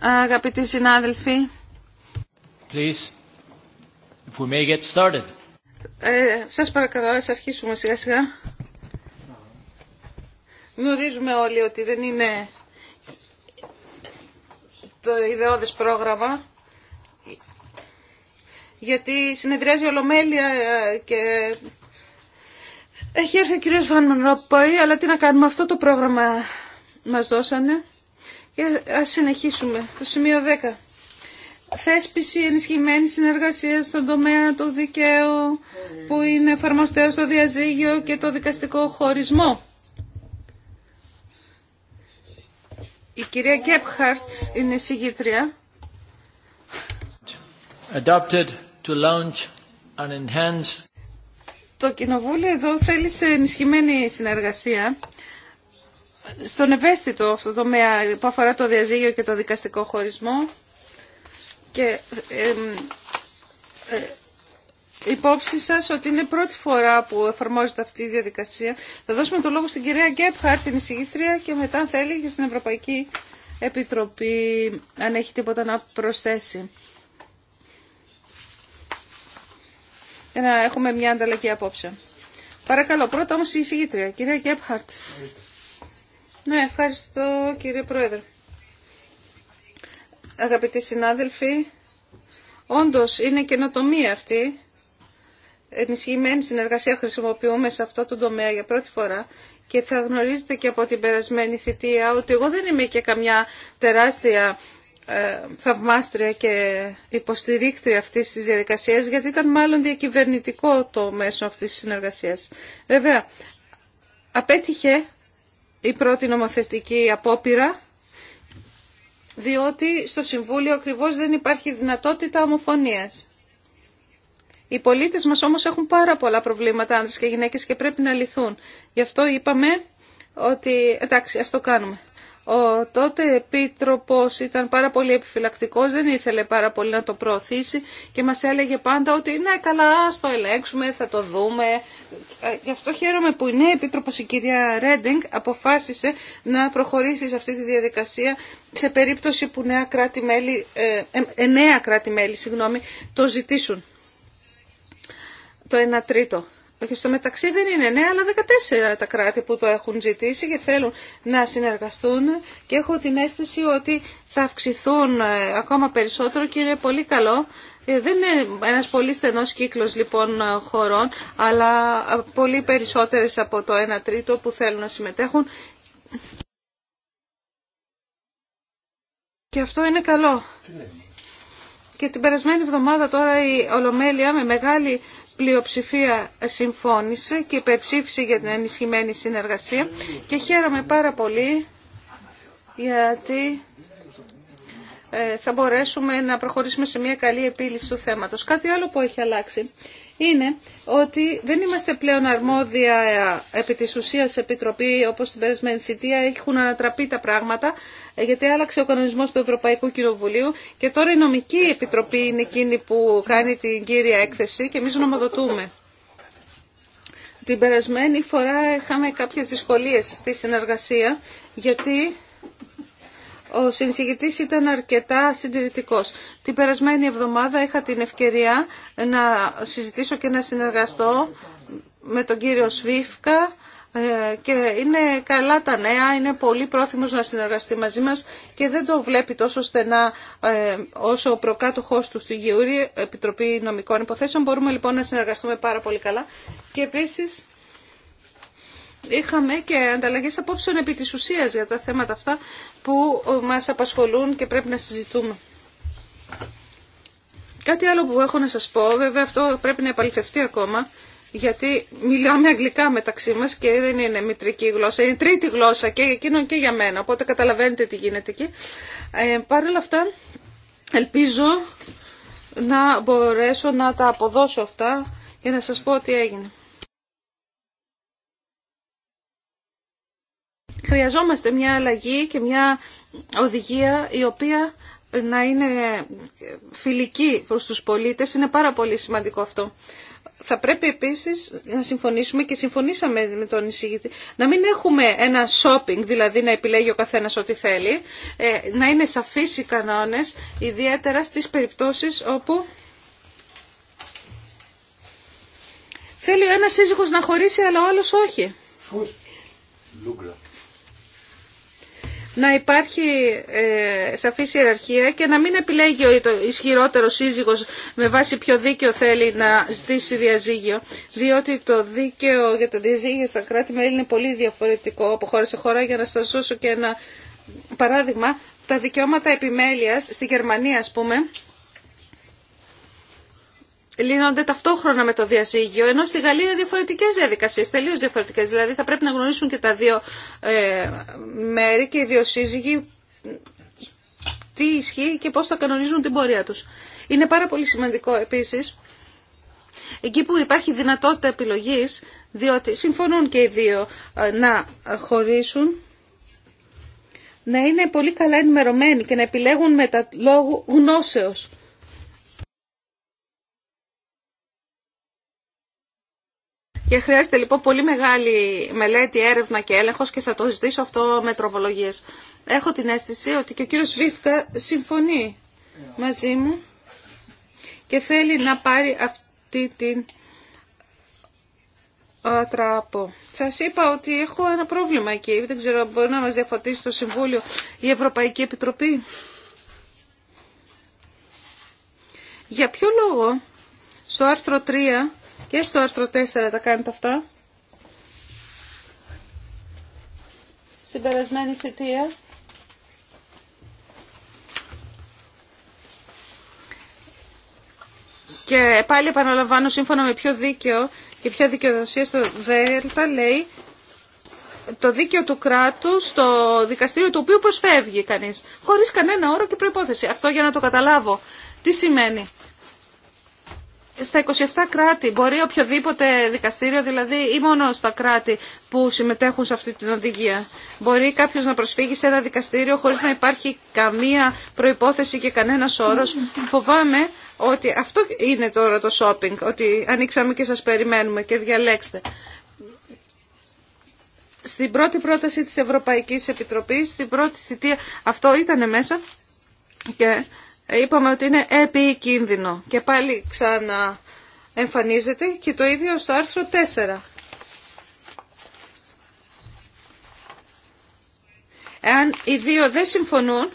Αγαπητοί συνάδελφοι, Σα if ε, σας παρακαλώ, ας αρχίσουμε σιγά σιγά. Γνωρίζουμε όλοι ότι δεν είναι το ιδεώδες πρόγραμμα, γιατί συνεδριάζει ολομέλεια ε, και έχει έρθει ο κ. Βαν αλλά τι να κάνουμε, αυτό το πρόγραμμα μας δώσανε. Και ας συνεχίσουμε. Το σημείο 10. Θέσπιση ενισχυμένη συνεργασία στον τομέα του δικαίου που είναι εφαρμοστέο στο διαζύγιο και το δικαστικό χωρισμό. Η κυρία Γκέπχαρτ είναι συγγήτρια. Adopted to launch Το κοινοβούλιο εδώ θέλει ενισχυμένη συνεργασία στον ευαίσθητο αυτό το τομέα που αφορά το διαζύγιο και το δικαστικό χωρισμό και ε, ε, υπόψη σας ότι είναι πρώτη φορά που εφαρμόζεται αυτή η διαδικασία. Θα δώσουμε το λόγο στην κυρία Γκέπχαρτ, την εισηγήτρια και μετά αν θέλει και στην Ευρωπαϊκή Επιτροπή αν έχει τίποτα να προσθέσει. Για να έχουμε μια ανταλλαγή απόψε. Παρακαλώ, πρώτα όμως η εισηγήτρια, κυρία Γκέπχαρτ. Ευχαριστώ. Ναι, ευχαριστώ κύριε Πρόεδρε. Αγαπητοί συνάδελφοι, όντως είναι καινοτομία αυτή. Ενισχυμένη συνεργασία χρησιμοποιούμε σε αυτό το τομέα για πρώτη φορά και θα γνωρίζετε και από την περασμένη θητεία ότι εγώ δεν είμαι και καμιά τεράστια ε, θαυμάστρια και υποστηρίκτρια αυτής της διαδικασίας γιατί ήταν μάλλον διακυβερνητικό το μέσο αυτής της συνεργασίας. Βέβαια, απέτυχε η πρώτη νομοθετική απόπειρα, διότι στο Συμβούλιο ακριβώς δεν υπάρχει δυνατότητα ομοφωνίας. Οι πολίτες μας όμως έχουν πάρα πολλά προβλήματα, άνδρες και γυναίκες, και πρέπει να λυθούν. Γι' αυτό είπαμε ότι εντάξει, ας το κάνουμε. Ο τότε επίτροπος ήταν πάρα πολύ επιφυλακτικός, δεν ήθελε πάρα πολύ να το προωθήσει και μας έλεγε πάντα ότι ναι καλά, το ελέγξουμε, θα το δούμε. Ε, γι' αυτό χαίρομαι που η νέα επίτροπος η κυρία Ρέντινγκ αποφάσισε να προχωρήσει σε αυτή τη διαδικασία σε περίπτωση που νέα κράτη-μέλη, ε, ε, ε νέα κράτη-μέλη, συγγνώμη, το ζητήσουν. Το 1 τρίτο. Και στο μεταξύ δεν είναι νέα, αλλά 14 τα κράτη που το έχουν ζητήσει και θέλουν να συνεργαστούν και έχω την αίσθηση ότι θα αυξηθούν ε, ακόμα περισσότερο και είναι πολύ καλό. Ε, δεν είναι ένας πολύ στενός κύκλος λοιπόν ε, χωρών, αλλά πολύ περισσότερες από το 1 τρίτο που θέλουν να συμμετέχουν. Και αυτό είναι καλό. Και την περασμένη εβδομάδα τώρα η Ολομέλεια με μεγάλη πλειοψηφία συμφώνησε και υπερψήφισε για την ενισχυμένη συνεργασία και χαίρομαι πάρα πολύ γιατί ε, θα μπορέσουμε να προχωρήσουμε σε μια καλή επίλυση του θέματος. Κάτι άλλο που έχει αλλάξει είναι ότι δεν είμαστε πλέον αρμόδια ε, επί της ουσίας επιτροπή όπως την περασμένη θητεία έχουν ανατραπεί τα πράγματα ε, γιατί άλλαξε ο κανονισμός του Ευρωπαϊκού Κοινοβουλίου και τώρα η νομική επιτροπή είναι εκείνη που κάνει την κύρια έκθεση και εμείς νομοδοτούμε. Την περασμένη φορά είχαμε κάποιες δυσκολίες στη συνεργασία γιατί ο συνσηγητής ήταν αρκετά συντηρητικός. Την περασμένη εβδομάδα είχα την ευκαιρία να συζητήσω και να συνεργαστώ με τον κύριο Σβίφκα ε, και είναι καλά τα νέα, είναι πολύ πρόθυμος να συνεργαστεί μαζί μας και δεν το βλέπει τόσο στενά ε, όσο ο προκάτοχός του στη Γιούρη Επιτροπή Νομικών Υποθέσεων. Μπορούμε λοιπόν να συνεργαστούμε πάρα πολύ καλά και επίσης είχαμε και ανταλλαγέ απόψεων επί τη ουσία για τα θέματα αυτά που μας απασχολούν και πρέπει να συζητούμε. Κάτι άλλο που έχω να σας πω, βέβαια αυτό πρέπει να επαληθευτεί ακόμα, γιατί μιλάμε αγγλικά μεταξύ μα και δεν είναι μητρική γλώσσα, είναι τρίτη γλώσσα και εκείνον και για μένα, οπότε καταλαβαίνετε τι γίνεται εκεί. Ε, Παρ' όλα αυτά, ελπίζω να μπορέσω να τα αποδώσω αυτά και να σας πω τι έγινε. Χρειαζόμαστε μια αλλαγή και μια οδηγία η οποία να είναι φιλική προς τους πολίτες. Είναι πάρα πολύ σημαντικό αυτό. Θα πρέπει επίσης να συμφωνήσουμε και συμφωνήσαμε με τον εισηγητή να μην έχουμε ένα shopping, δηλαδή να επιλέγει ο καθένας ό,τι θέλει, ε, να είναι σαφείς οι κανόνες, ιδιαίτερα στις περιπτώσεις όπου θέλει ο ένας σύζυγος να χωρίσει αλλά ο άλλος όχι να υπάρχει ε, σαφής ιεραρχία και να μην επιλέγει ο ισχυρότερο σύζυγος με βάση ποιο δίκαιο θέλει να ζητήσει διαζύγιο, διότι το δίκαιο για το διαζύγιο στα κράτη-μέλη είναι πολύ διαφορετικό από χώρα σε χώρα για να σας δώσω και ένα παράδειγμα. Τα δικαιώματα επιμέλειας στη Γερμανία, ας πούμε, λύνονται ταυτόχρονα με το διαζύγιο, ενώ στη Γαλλία είναι διαφορετικές διαδικασίες, τελείως διαφορετικές. Δηλαδή θα πρέπει να γνωρίσουν και τα δύο ε, μέρη και οι δύο σύζυγοι τι ισχύει και πώς θα κανονίζουν την πορεία τους. Είναι πάρα πολύ σημαντικό επίσης εκεί που υπάρχει δυνατότητα επιλογής, διότι συμφωνούν και οι δύο ε, να χωρίσουν, να είναι πολύ καλά ενημερωμένοι και να επιλέγουν με τα λόγου γνώσεως. Και χρειάζεται λοιπόν πολύ μεγάλη μελέτη, έρευνα και έλεγχος και θα το ζητήσω αυτό με τροπολογίες. Έχω την αίσθηση ότι και ο κύριος Βίφκα συμφωνεί μαζί μου και θέλει να πάρει αυτή την τράπο. Σας είπα ότι έχω ένα πρόβλημα εκεί. Δεν ξέρω, μπορεί να μας διαφωτίσει το Συμβούλιο η Ευρωπαϊκή Επιτροπή. Για ποιο λόγο στο άρθρο 3 και στο άρθρο 4 τα κάνετε αυτά. Στην περασμένη θητεία. Και πάλι επαναλαμβάνω σύμφωνα με ποιο δίκαιο και ποια δικαιοδοσία στο ΔΕΛΤΑ λέει το δίκαιο του κράτου στο δικαστήριο του οποίου προσφεύγει κανεί. χωρίς κανένα όρο και προϋπόθεση. Αυτό για να το καταλάβω. Τι σημαίνει στα 27 κράτη. Μπορεί οποιοδήποτε δικαστήριο, δηλαδή ή μόνο στα κράτη που συμμετέχουν σε αυτή την οδηγία. Μπορεί κάποιο να προσφύγει σε ένα δικαστήριο χωρίς να υπάρχει καμία προϋπόθεση και κανένα όρο. Φοβάμαι ότι αυτό είναι τώρα το shopping, ότι ανοίξαμε και σας περιμένουμε και διαλέξτε. Στην πρώτη πρόταση της Ευρωπαϊκής Επιτροπής, στην πρώτη θητεία, αυτό ήταν μέσα και είπαμε ότι είναι επικίνδυνο και πάλι ξανά εμφανίζεται και το ίδιο στο άρθρο 4. Εάν οι δύο δεν συμφωνούν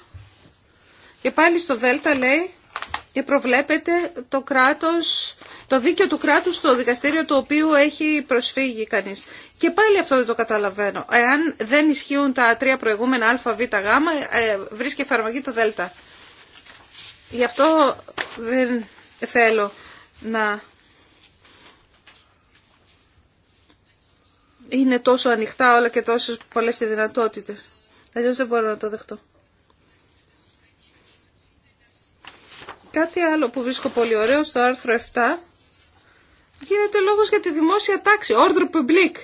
και πάλι στο Δέλτα λέει και προβλέπεται το κράτος, το δίκαιο του κράτους στο δικαστήριο του οποίου έχει προσφύγει κανείς. Και πάλι αυτό δεν το καταλαβαίνω. Εάν δεν ισχύουν τα τρία προηγούμενα α, β, γ, ε, βρίσκει εφαρμογή το δέλτα. Γι' αυτό δεν θέλω να είναι τόσο ανοιχτά όλα και τόσες πολλές οι δυνατότητες. Αλλιώς δεν μπορώ να το δεχτώ. Κάτι άλλο που βρίσκω πολύ ωραίο στο άρθρο 7 γίνεται λόγος για τη δημόσια τάξη, order public.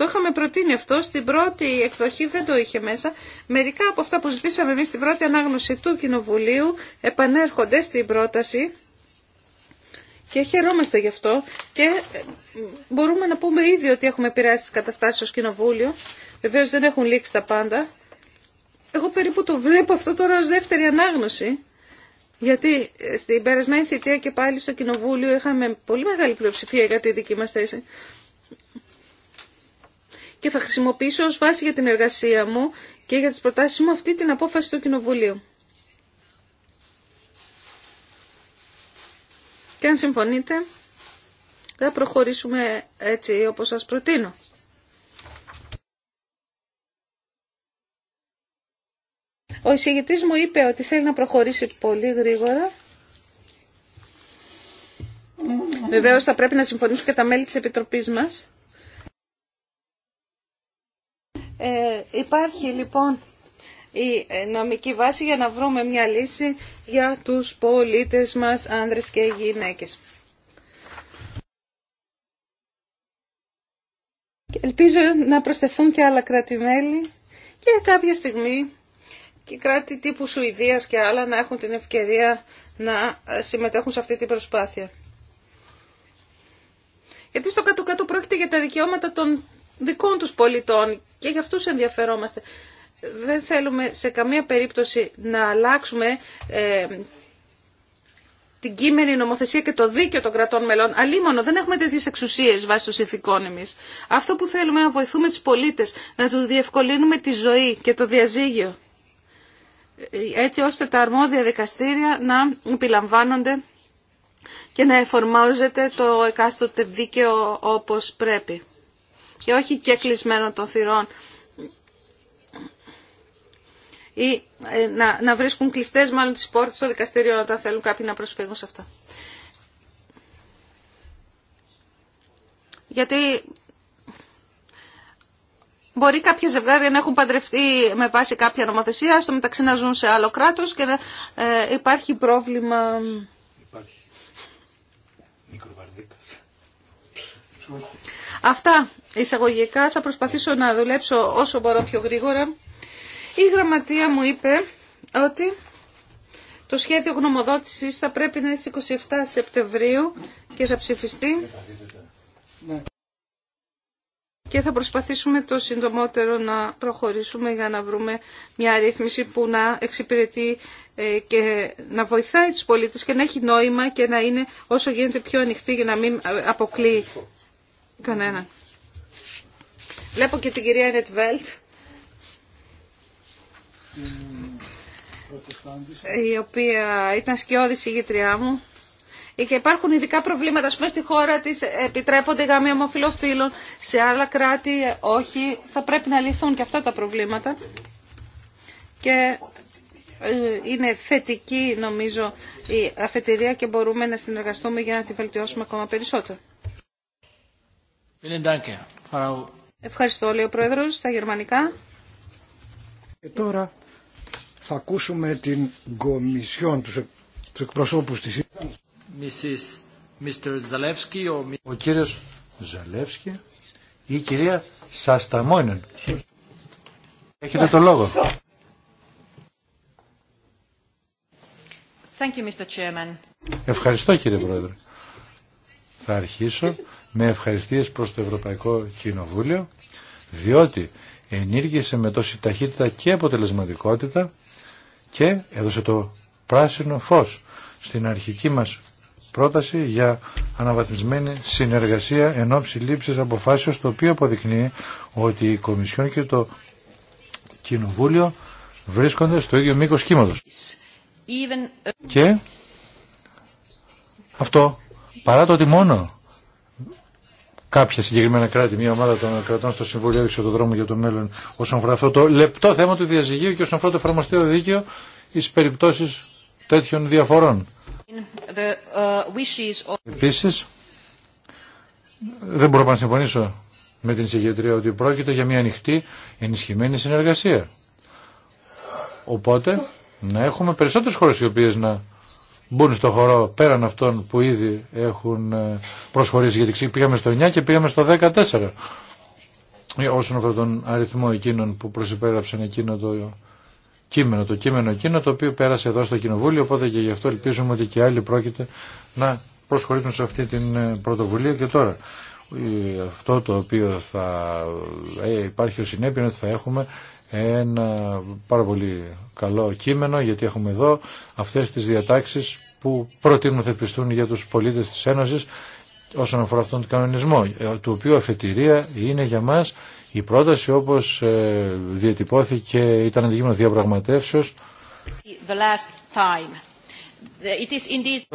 Το είχαμε προτείνει αυτό, στην πρώτη εκδοχή δεν το είχε μέσα. Μερικά από αυτά που ζητήσαμε εμεί στην πρώτη ανάγνωση του Κοινοβουλίου επανέρχονται στην πρόταση και χαιρόμαστε γι' αυτό και ε, μπορούμε να πούμε ήδη ότι έχουμε επηρεάσει τι καταστάσει ω Κοινοβούλιο. Βεβαίω δεν έχουν λήξει τα πάντα. Εγώ περίπου το βλέπω αυτό τώρα ως δεύτερη ανάγνωση. Γιατί ε, στην περασμένη θητεία και πάλι στο Κοινοβούλιο είχαμε πολύ μεγάλη πλειοψηφία για τη δική μας θέση και θα χρησιμοποιήσω ως βάση για την εργασία μου και για τις προτάσεις μου αυτή την απόφαση του Κοινοβουλίου. Και αν συμφωνείτε, θα προχωρήσουμε έτσι όπως σας προτείνω. Ο εισηγητής μου είπε ότι θέλει να προχωρήσει πολύ γρήγορα. Βεβαίως θα πρέπει να συμφωνήσουν και τα μέλη της Επιτροπής μας. Ε, υπάρχει λοιπόν η νομική βάση για να βρούμε μια λύση για τους πολίτες μας, άνδρες και γυναίκες. Ελπίζω να προσθεθούν και άλλα κράτη-μέλη και κάποια στιγμή και κράτη τύπου Σουηδίας και άλλα να έχουν την ευκαιρία να συμμετέχουν σε αυτή την προσπάθεια. Γιατί στο κάτω-κάτω πρόκειται για τα δικαιώματα των δικών τους πολιτών και γι' αυτούς ενδιαφερόμαστε. Δεν θέλουμε σε καμία περίπτωση να αλλάξουμε ε, την κείμενη νομοθεσία και το δίκαιο των κρατών μελών. Αλίμονο, δεν έχουμε τέτοιε εξουσίε βάσει των συνθηκών εμεί. Αυτό που θέλουμε είναι να βοηθούμε του πολίτες να τους διευκολύνουμε τη ζωή και το διαζύγιο. Έτσι ώστε τα αρμόδια δικαστήρια να επιλαμβάνονται και να εφορμάζεται το εκάστοτε δίκαιο όπως πρέπει και όχι και κλεισμένο των θυρών ή ε, να, βρίσκουν κλειστές μάλλον τις πόρτες στο δικαστήριο όταν θέλουν κάποιοι να προσφύγουν σε αυτά. Γιατί μπορεί κάποια ζευγάρια να έχουν παντρευτεί με βάση κάποια νομοθεσία, στο μεταξύ να ζουν σε άλλο κράτος και να ε, υπάρχει πρόβλημα... Αυτά εισαγωγικά θα προσπαθήσω να δουλέψω όσο μπορώ πιο γρήγορα. Η γραμματεία μου είπε ότι το σχέδιο γνωμοδότησης θα πρέπει να είναι στις 27 Σεπτεμβρίου και θα ψηφιστεί. Ναι. Και θα προσπαθήσουμε το συντομότερο να προχωρήσουμε για να βρούμε μια ρύθμιση που να εξυπηρετεί ε, και να βοηθάει τους πολίτες και να έχει νόημα και να είναι όσο γίνεται πιο ανοιχτή για να μην ε, αποκλείει κανένα. Βλέπω και την κυρία Βέλτ, η οποία ήταν σκιώδη συγγήτριά μου. Ε, και υπάρχουν ειδικά προβλήματα, α πούμε, στη χώρα τη επιτρέπονται γάμοι ομοφυλοφίλων, σε άλλα κράτη ε, όχι. Θα πρέπει να λυθούν και αυτά τα προβλήματα. Και ε, είναι θετική νομίζω η αφετηρία και μπορούμε να συνεργαστούμε για να τη βελτιώσουμε ακόμα περισσότερο. Ευχαριστώ, όλοι, ο Πρόεδρος, στα γερμανικά. Και τώρα θα ακούσουμε την κομισιόν, τους, τους εκπροσώπους της Mrs. Mr. Zalewski, Ο κύριος Ζαλεύσκη ή η κυρία Σασταμόνεν. Έχετε το λόγο. Thank you, Mr. Chairman. Ευχαριστώ κύριε Πρόεδρε. Θα αρχίσω με ευχαριστίες προς το Ευρωπαϊκό Κοινοβούλιο διότι ενήργησε με τόση ταχύτητα και αποτελεσματικότητα και έδωσε το πράσινο φως στην αρχική μας πρόταση για αναβαθμισμένη συνεργασία εν ώψη λήψης αποφάσεως το οποίο αποδεικνύει ότι η Κομισιόν και το Κοινοβούλιο βρίσκονται στο ίδιο μήκος κύματος. Και αυτό παρά το ότι μόνο κάποια συγκεκριμένα κράτη, μια ομάδα των κρατών στο Συμβούλιο έδειξε τον δρόμο για το μέλλον όσον αφορά αυτό το λεπτό θέμα του διαζυγίου και όσον αφορά το εφαρμοστείο δίκαιο εις περιπτώσεις τέτοιων διαφορών. Επίση, uh, Επίσης, δεν μπορώ να συμφωνήσω με την συγκεντρία ότι πρόκειται για μια ανοιχτή ενισχυμένη συνεργασία. Οπότε, να έχουμε περισσότερες χώρες οι οποίες να μπουν στο χώρο πέραν αυτών που ήδη έχουν ε, προσχωρήσει γιατί πήγαμε στο 9 και πήγαμε στο 14 ε, όσον αφορά τον αριθμό εκείνων που προσυπέραψαν εκείνο το κείμενο, το κείμενο εκείνο το οποίο πέρασε εδώ στο Κοινοβούλιο οπότε και γι' αυτό ελπίζουμε ότι και άλλοι πρόκειται να προσχωρήσουν σε αυτή την ε, πρωτοβουλία και τώρα αυτό το οποίο θα υπάρχει ο συνέπειο ότι θα έχουμε ένα πάρα πολύ καλό κείμενο γιατί έχουμε εδώ αυτές τις διατάξεις που προτείνουν θεσπιστούν για τους πολίτες της Ένωσης όσον αφορά αυτόν τον κανονισμό του οποίου αφετηρία είναι για μας η πρόταση όπως ε, διατυπώθηκε ήταν αντικείμενο διαπραγματεύσεως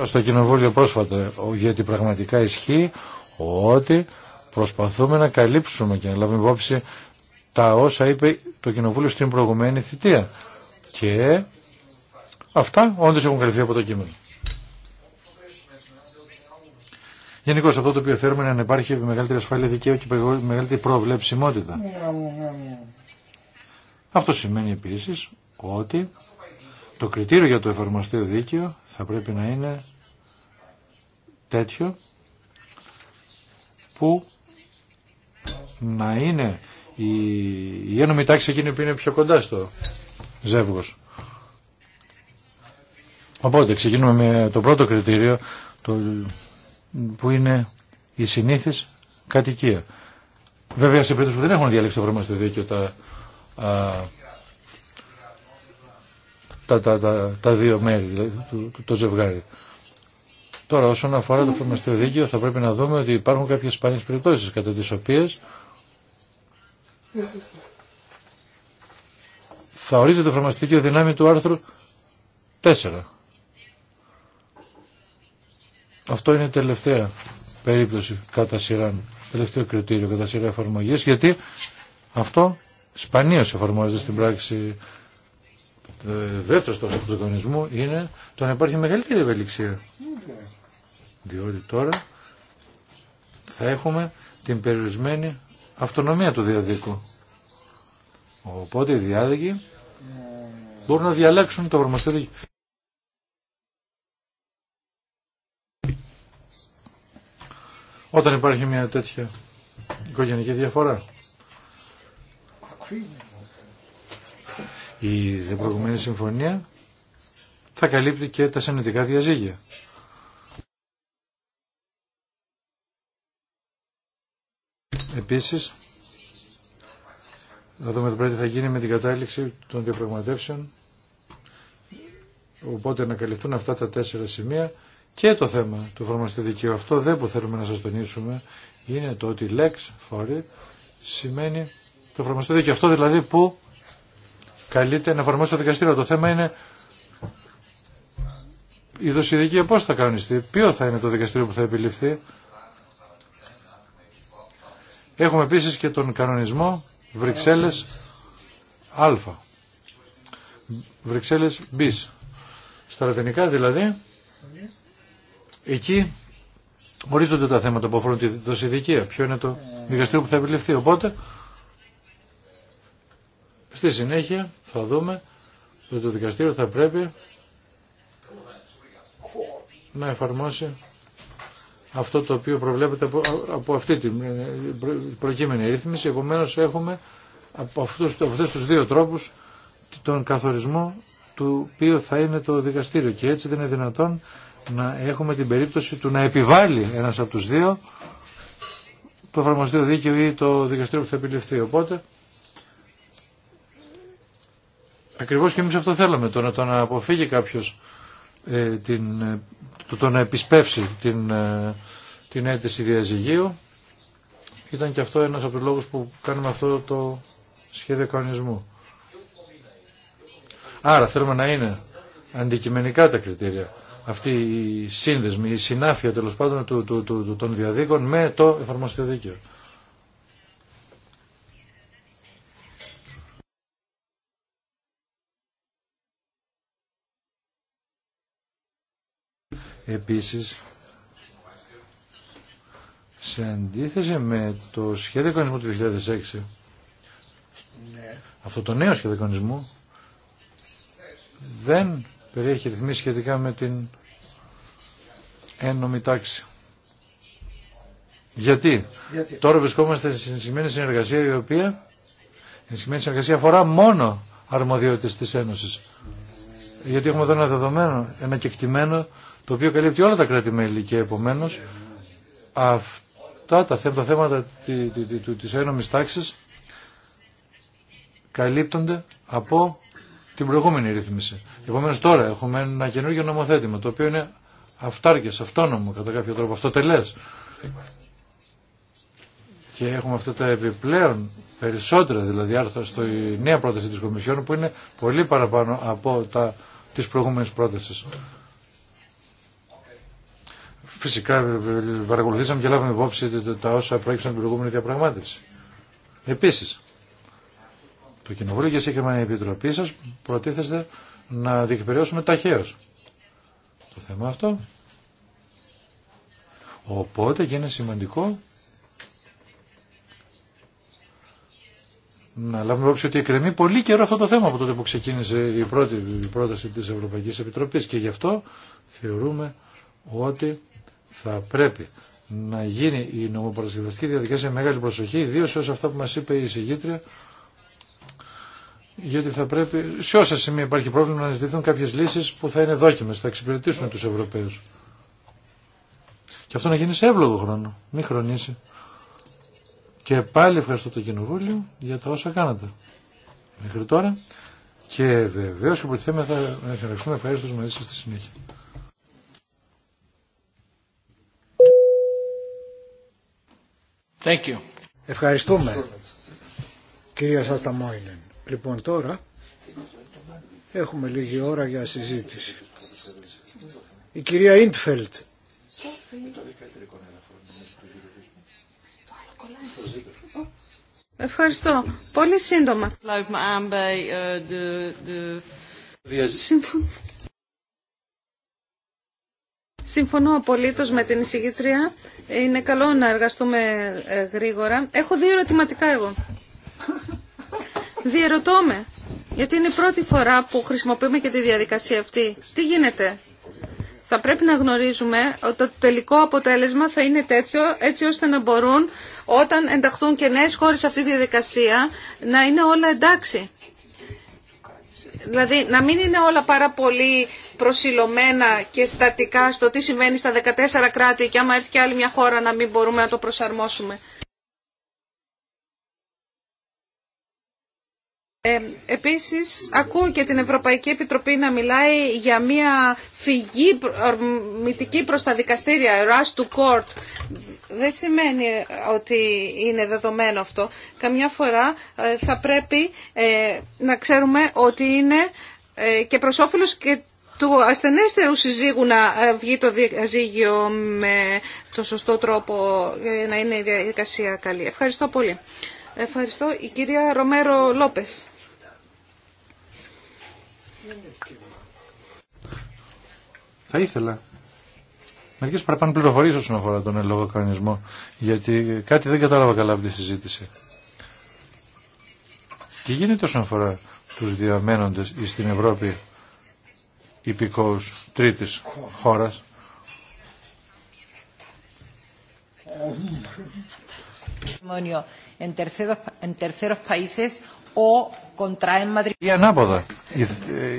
στο κοινοβούλιο πρόσφατα γιατί πραγματικά ισχύει ότι προσπαθούμε να καλύψουμε και να λάβουμε υπόψη τα όσα είπε το Κοινοβούλιο στην προηγουμένη θητεία. Και αυτά όντω έχουν καλυφθεί από το κείμενο. Γενικώ αυτό το οποίο θέλουμε είναι να υπάρχει μεγαλύτερη ασφάλεια δικαίου και μεγαλύτερη προβλεψιμότητα. Αυτό σημαίνει επίση ότι το κριτήριο για το εφαρμοστείο δίκαιο θα πρέπει να είναι τέτοιο που να είναι η, η ένωμη τάξη εκείνη που είναι πιο κοντά στο ζεύγος. Οπότε ξεκινούμε με το πρώτο κριτήριο το, που είναι η συνήθις κατοικία. Βέβαια σε περίπτωση που δεν έχουν διαλέξει το χρώμα στο δίκαιο τα, τα, τα, τα, δύο μέρη, δηλαδή, το, ζευγάρι. Τώρα όσον αφορά το φαρμαστείο δίκαιο θα πρέπει να δούμε ότι υπάρχουν κάποιες σπάνιες περιπτώσεις κατά τις οποίες θα ορίζεται φαρμαστικό δυνάμει του άρθρου 4. Αυτό είναι η τελευταία περίπτωση κατά σειρά τελευταίο κριτήριο κατά σειρά εφαρμογής, γιατί αυτό σπανίως εφαρμόζεται στην πράξη ε, δεύτερος τόσο του δονισμού είναι το να υπάρχει μεγαλύτερη ευελιξία. Διότι τώρα θα έχουμε την περιορισμένη αυτονομία του διαδίκου. Οπότε οι διάδικοι μπορούν να διαλέξουν το ορμοστήριο. Όταν υπάρχει μια τέτοια οικογενειακή διαφορά. Η προηγουμένη συμφωνία θα καλύπτει και τα συνετικά διαζύγια. Επίσης, θα δούμε το πρώτο θα γίνει με την κατάληξη των διαπραγματεύσεων. Οπότε να καλυφθούν αυτά τα τέσσερα σημεία και το θέμα του εφαρμοστικού δικαίου. Αυτό δεν που θέλουμε να σας τονίσουμε είναι το ότι lex φορεί σημαίνει το εφαρμοστικό δικαίου. Αυτό δηλαδή που καλείται να εφαρμόσει το δικαστήριο. Το θέμα είναι η δοσηδικία πώς θα κανονιστεί, ποιο θα είναι το δικαστήριο που θα επιληφθεί. Έχουμε επίσης και τον κανονισμό Βρυξέλλες Α, Βρυξέλλες Β. Στα λατινικά δηλαδή, εκεί ορίζονται τα θέματα που αφορούν τη δοσηδικία, ποιο είναι το δικαστήριο που θα επιληφθεί. Οπότε, στη συνέχεια θα δούμε ότι το δικαστήριο θα πρέπει να εφαρμόσει αυτό το οποίο προβλέπεται από, αυτή την ε, προ, προκείμενη ρύθμιση. Επομένως έχουμε από αυτούς, τους δύο τρόπους τον καθορισμό του οποίου θα είναι το δικαστήριο και έτσι δεν είναι δυνατόν να έχουμε την περίπτωση του να επιβάλλει ένας από τους δύο το εφαρμοστείο δίκαιο ή το δικαστήριο που θα επιληφθεί. Οπότε, ακριβώς και εμείς αυτό θέλαμε, το να, αποφύγει κάποιος ε, την ε, του το να επισπεύσει την, ε, την αίτηση διαζυγίου ήταν και αυτό ένας από τους λόγους που κάνουμε αυτό το σχέδιο κανονισμού. Άρα θέλουμε να είναι αντικειμενικά τα κριτήρια αυτή η σύνδεσμη, η συνάφεια τέλο πάντων του, του, του, των διαδίκων με το εφαρμοστικό δίκαιο. Επίσης, σε αντίθεση με το σχέδιο κανονισμού του 2006, ναι. αυτό το νέο σχέδιο κανονισμού δεν περιέχει ρυθμίσει σχετικά με την ένομη τάξη. Γιατί, τώρα βρισκόμαστε σε ενισχυμένη συνεργασία η οποία ενισχυμένη συνεργασία αφορά μόνο αρμοδιότητες της Ένωσης. Γιατί έχουμε εδώ ένα δεδομένο, ένα κεκτημένο το οποίο καλύπτει όλα τα κράτη-μέλη και επομένως αυτά τα θέματα, τα θέματα της ένομης τάξης καλύπτονται από την προηγούμενη ρύθμιση. Επομένως τώρα έχουμε ένα καινούργιο νομοθέτημα το οποίο είναι αυτάρκες, αυτόνομο κατά κάποιο τρόπο, αυτοτελές. Και έχουμε αυτά τα επιπλέον περισσότερα δηλαδή άρθρα στο νέα πρόταση της Κομισιόν που είναι πολύ παραπάνω από τα, τις προηγούμενες πρότασεις. Φυσικά ε, παρακολουθήσαμε και λάβαμε υπόψη τα όσα προέκυψαν την προηγούμενη διαπραγμάτευση. Επίσης, το Κοινοβούλιο και η συγκεκριμένη Επιτροπή σα προτίθεστε να διεκπαιρεώσουμε ταχαίω το θέμα αυτό. Οπότε και είναι σημαντικό να λάβουμε υπόψη ότι εκκρεμεί πολύ καιρό αυτό το θέμα από τότε που ξεκίνησε η πρώτη η πρόταση της Ευρωπαϊκής Επιτροπής και γι' αυτό θεωρούμε ότι θα πρέπει να γίνει η νομοπαρασκευαστική διαδικασία με μεγάλη προσοχή, ιδίω σε όσο αυτά που μα είπε η εισηγήτρια, γιατί θα πρέπει σε όσα σημεία υπάρχει πρόβλημα να ζητηθούν κάποιε λύσει που θα είναι δόκιμες, θα εξυπηρετήσουν του Ευρωπαίους. Και αυτό να γίνει σε εύλογο χρόνο, μη χρονίσει. Και πάλι ευχαριστώ το Κοινοβούλιο για τα όσα κάνατε μέχρι τώρα και βεβαίω και προτιθέμεθα να συνεργαστούμε ευχαριστώ μαζί σα στη συνέχεια. Thank you. Ευχαριστούμε, κυρία Σαταμόινεν. Λοιπόν, τώρα έχουμε λίγη ώρα για συζήτηση. Η κυρία Ιντφελτ. Ευχαριστώ. Πολύ σύντομα. Συμφωνώ απολύτως με την εισηγήτρια. Είναι καλό να εργαστούμε ε, γρήγορα. Έχω δύο ερωτηματικά εγώ. Διερωτώ με, γιατί είναι η πρώτη φορά που χρησιμοποιούμε και τη διαδικασία αυτή. Τι γίνεται. Θα πρέπει να γνωρίζουμε ότι το τελικό αποτέλεσμα θα είναι τέτοιο έτσι ώστε να μπορούν όταν ενταχθούν και νέες χώρες σε αυτή τη διαδικασία να είναι όλα εντάξει. Δηλαδή να μην είναι όλα πάρα πολύ προσιλωμένα και στατικά στο τι συμβαίνει στα 14 κράτη και άμα έρθει και άλλη μια χώρα να μην μπορούμε να το προσαρμόσουμε. Ε, επίσης, ακούω και την Ευρωπαϊκή Επιτροπή να μιλάει για μια φυγή ορμητική προς τα δικαστήρια, rush to court. Δεν σημαίνει ότι είναι δεδομένο αυτό. Καμιά φορά ε, θα πρέπει ε, να ξέρουμε ότι είναι ε, και προς όφελος και του ασθενέστερου συζύγου να ε, βγει το διαζύγιο με το σωστό τρόπο ε, να είναι η διαδικασία καλή. Ευχαριστώ πολύ. Ευχαριστώ η κυρία Ρομέρο Λόπες. Θα ήθελα μερικές παραπάνω πληροφορίες όσον αφορά τον ελλογοκρανισμό γιατί κάτι δεν κατάλαβα καλά από τη συζήτηση. Τι γίνεται όσον αφορά τους διαμένοντες στην Ευρώπη υπηκόους τρίτης χώρας. Ή ανάποδα, οι ε,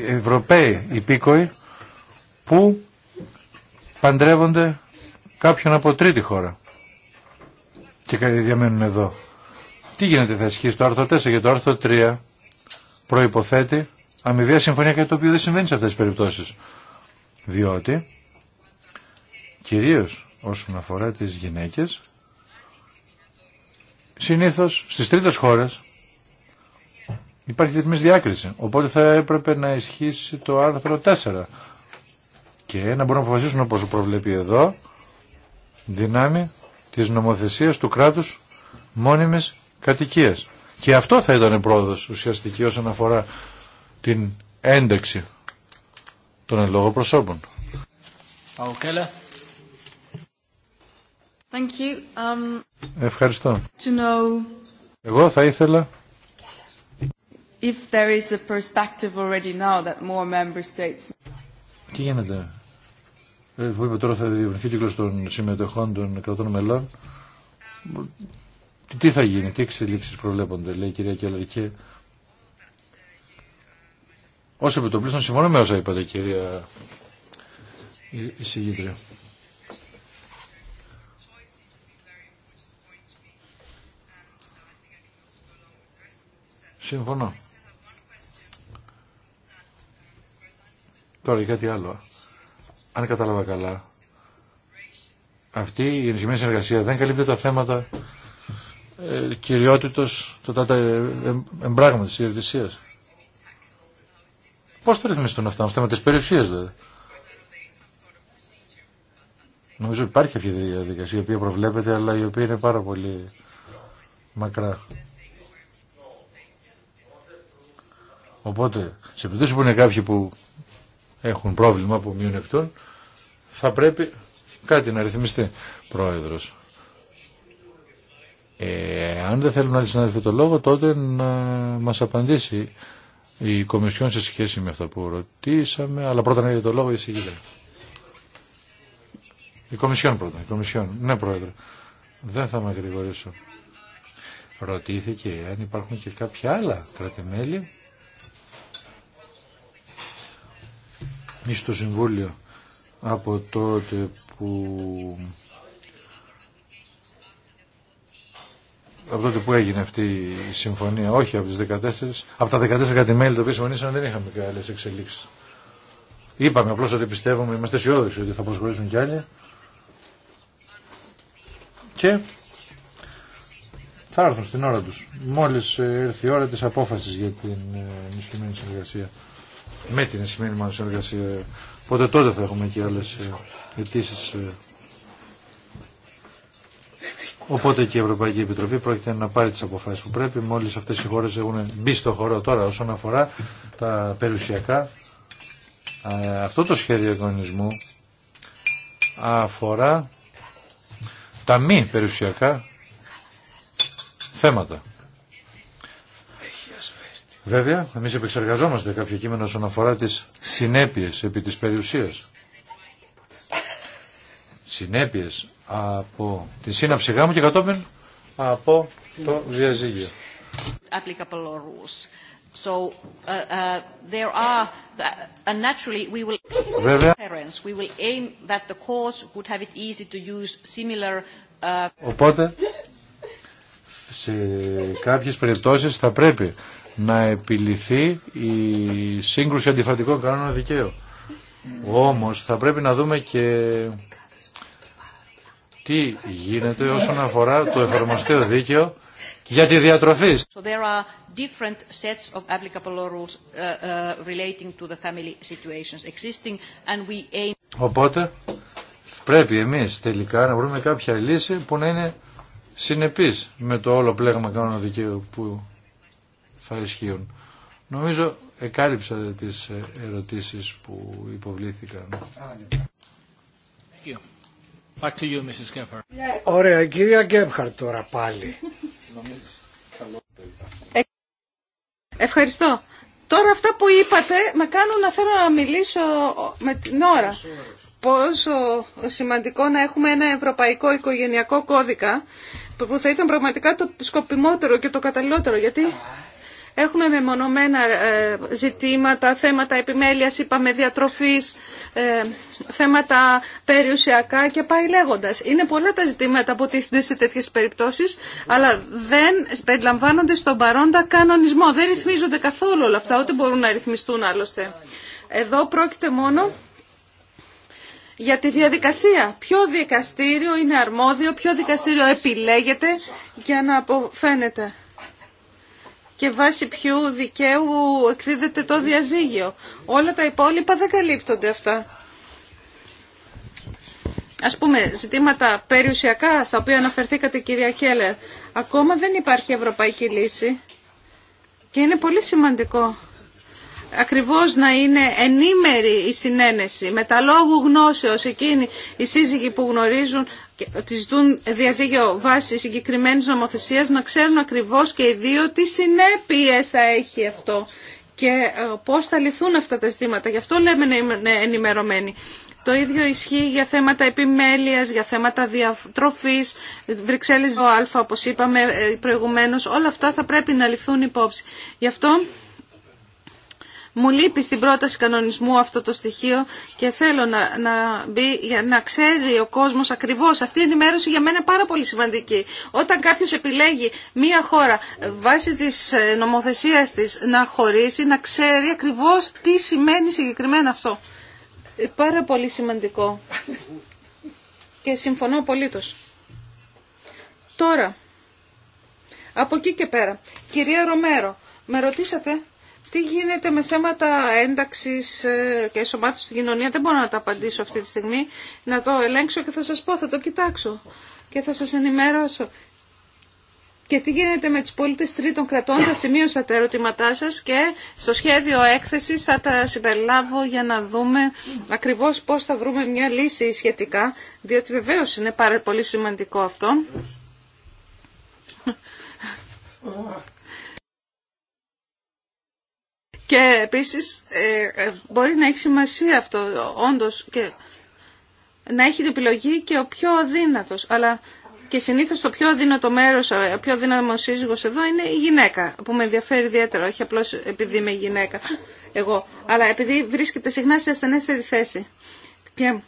Ευρωπαίοι υπήκοοι που παντρεύονται κάποιον από τρίτη χώρα και διαμένουν εδώ. Τι γίνεται, θα ισχύσει το άρθρο 4 και το άρθρο 3 προϋποθέτει αμοιβαία συμφωνία, κάτι το οποίο δεν συμβαίνει σε αυτές τις περιπτώσεις. Διότι, κυρίως όσον αφορά τις γυναίκες, συνήθως στις τρίτες χώρες υπάρχει διεθνής διάκριση. Οπότε θα έπρεπε να ισχύσει το άρθρο 4 και να μπορούν να αποφασίσουν όπως προβλέπει εδώ δυνάμει της νομοθεσίας του κράτους μόνιμης κατοικίας. Και αυτό θα ήταν πρόοδος ουσιαστική όσον αφορά την ένταξη των εν λόγω προσώπων. Thank you. Um, Ευχαριστώ. Εγώ θα ήθελα If there is a perspective already now that more member states... Τι γίνεται. Ε, που τώρα θα διευρυνθεί κύκλος των συμμετοχών των κρατών μελών. Τι, θα γίνει, τι εξελίξεις προβλέπονται, λέει η κυρία Κέλλαρ και Όσο επιτοπλίστων συμφωνώ με όσα είπατε κυρία εισηγήτρια. Συμφωνώ. Τώρα για κάτι άλλο. Αν κατάλαβα καλά, αυτή η ενισχυμένη συνεργασία δεν καλύπτει τα θέματα ε, κυριότητος, το τάτα ε, ε, εμπράγμα της ιερτησίας. Πώς το ρυθμιστούν αυτά, θέμα της περιουσίας δηλαδή. Νομίζω υπάρχει αυτή η διαδικασία η οποία προβλέπεται αλλά η οποία είναι πάρα πολύ μακρά. Οπότε, σε περίπτωση που είναι κάποιοι που έχουν πρόβλημα που μειονεκτούν, θα πρέπει κάτι να ρυθμιστεί. Πρόεδρος, ε, αν δεν θέλουν να συναντηθεί το λόγο, τότε να μας απαντήσει η Κομισιόν σε σχέση με αυτά που ρωτήσαμε, αλλά πρώτα να είδε το λόγο η Η Κομισιόν πρώτα, η Κομισιόν. Ναι, Πρόεδρε. Δεν θα με γρηγορήσω. Ρωτήθηκε αν υπάρχουν και κάποια άλλα κράτη-μέλη... ή στο Συμβούλιο από τότε που από τότε που έγινε αυτή η συμφωνία, όχι από, τι 14, από τα 14 κατημέλη τα οποία συμφωνήσαν δεν είχαμε και άλλε εξελίξει. Είπαμε απλώ ότι πιστεύουμε, είμαστε αισιόδοξοι ότι θα προσχωρήσουν κι άλλοι και θα έρθουν στην ώρα του. Μόλι έρθει η ώρα τη απόφαση για την ε, ενισχυμένη συνεργασία, με την ενισχυμένη συνεργασία, οπότε τότε θα έχουμε και άλλε αιτήσει ε, Οπότε και η Ευρωπαϊκή Επιτροπή πρόκειται να πάρει τι αποφάσεις που πρέπει. Μόλις αυτές οι χώρες έχουν μπει στο χώρο τώρα όσον αφορά τα περιουσιακά. Ε, αυτό το σχέδιο εγγονισμού αφορά τα μη περιουσιακά θέματα. Βέβαια, εμείς επεξεργαζόμαστε κάποιο κείμενο όσον αφορά τις συνέπειες επί της περιουσίας συνέπειε από τη σύναψη γάμου και κατόπιν από το διαζύγιο. Βέβαια. Οπότε, σε κάποιες περιπτώσεις θα πρέπει να επιληθεί η σύγκρουση αντιφατικών κανόνων δικαίου. Όμως θα πρέπει να δούμε και τι γίνεται όσον αφορά το εφαρμοστείο δίκαιο για τη διατροφή. Οπότε πρέπει εμείς τελικά να βρούμε κάποια λύση που να είναι συνεπής με το όλο πλέγμα κανόνα δικαίου που θα ισχύουν. Νομίζω εκάλυψα τις ε, ερωτήσεις που υποβλήθηκαν. Back to you, Mrs. Ωραία, κυρία Γκέμπχαρτ τώρα πάλι. Ε, ευχαριστώ. Τώρα αυτά που είπατε με κάνουν να θέλω να μιλήσω με την ώρα. Πόσο σημαντικό να έχουμε ένα ευρωπαϊκό οικογενειακό κώδικα που θα ήταν πραγματικά το σκοπιμότερο και το καταλληλότερο γιατί Έχουμε μεμονωμένα ε, ζητήματα, θέματα επιμέλειας, είπαμε διατροφής, ε, θέματα περιουσιακά και πάει λέγοντας. Είναι πολλά τα ζητήματα που τίθενται σε τέτοιες περιπτώσεις, αλλά δεν περιλαμβάνονται στον παρόντα κανονισμό. Δεν ρυθμίζονται καθόλου όλα αυτά, ούτε μπορούν να ρυθμιστούν άλλωστε. Εδώ πρόκειται μόνο για τη διαδικασία. Ποιο δικαστήριο είναι αρμόδιο, ποιο δικαστήριο επιλέγεται για να αποφαίνεται και βάσει ποιου δικαίου εκδίδεται το διαζύγιο. Όλα τα υπόλοιπα δεν καλύπτονται αυτά. Ας πούμε, ζητήματα περιουσιακά, στα οποία αναφερθήκατε κυρία Χέλερ, ακόμα δεν υπάρχει ευρωπαϊκή λύση και είναι πολύ σημαντικό ακριβώς να είναι ενήμερη η συνένεση με τα λόγου γνώσεως εκείνοι οι σύζυγοι που γνωρίζουν ότι ζητούν διαζύγιο βάση συγκεκριμένη νομοθεσία να ξέρουν ακριβώ και οι δύο τι συνέπειες θα έχει αυτό και ε, πώς θα λυθούν αυτά τα ζητήματα. Γι' αυτό λέμε να είναι ενημερωμένοι. Το ίδιο ισχύει για θέματα επιμέλειας, για θέματα διατροφή, Βρυξέλλες 2α όπως είπαμε ε, προηγουμένως. Όλα αυτά θα πρέπει να ληφθούν υπόψη. Γι' αυτό μου λείπει στην πρόταση κανονισμού αυτό το στοιχείο και θέλω να, να μπει για να ξέρει ο κόσμος ακριβώς. Αυτή η ενημέρωση για μένα είναι πάρα πολύ σημαντική. Όταν κάποιος επιλέγει μία χώρα βάσει της ε, νομοθεσίας της να χωρίσει, να ξέρει ακριβώς τι σημαίνει συγκεκριμένα αυτό. Ε, πάρα πολύ σημαντικό. Και συμφωνώ απολύτως. Τώρα, από εκεί και πέρα, κυρία Ρομέρο, με ρωτήσατε τι γίνεται με θέματα ένταξης ε, και σωμάτων στην κοινωνία, δεν μπορώ να τα απαντήσω αυτή τη στιγμή. Να το ελέγξω και θα σας πω, θα το κοιτάξω και θα σας ενημερώσω. Και τι γίνεται με τις πολίτε τρίτων κρατών, θα σημείωσα τα ερωτήματά σας και στο σχέδιο έκθεσης θα τα συμπεριλάβω για να δούμε ακριβώς πώς θα βρούμε μια λύση σχετικά, διότι βεβαίως είναι πάρα πολύ σημαντικό αυτό. Και επίσης ε, ε, μπορεί να έχει σημασία αυτό όντως και να έχει την επιλογή και ο πιο αδύνατος. Αλλά και συνήθως το πιο αδύνατο μέρος, ε, ο πιο αδύναμος σύζυγος εδώ είναι η γυναίκα που με ενδιαφέρει ιδιαίτερα, όχι απλώς επειδή είμαι γυναίκα εγώ, αλλά επειδή βρίσκεται συχνά σε ασθενέστερη θέση. Και...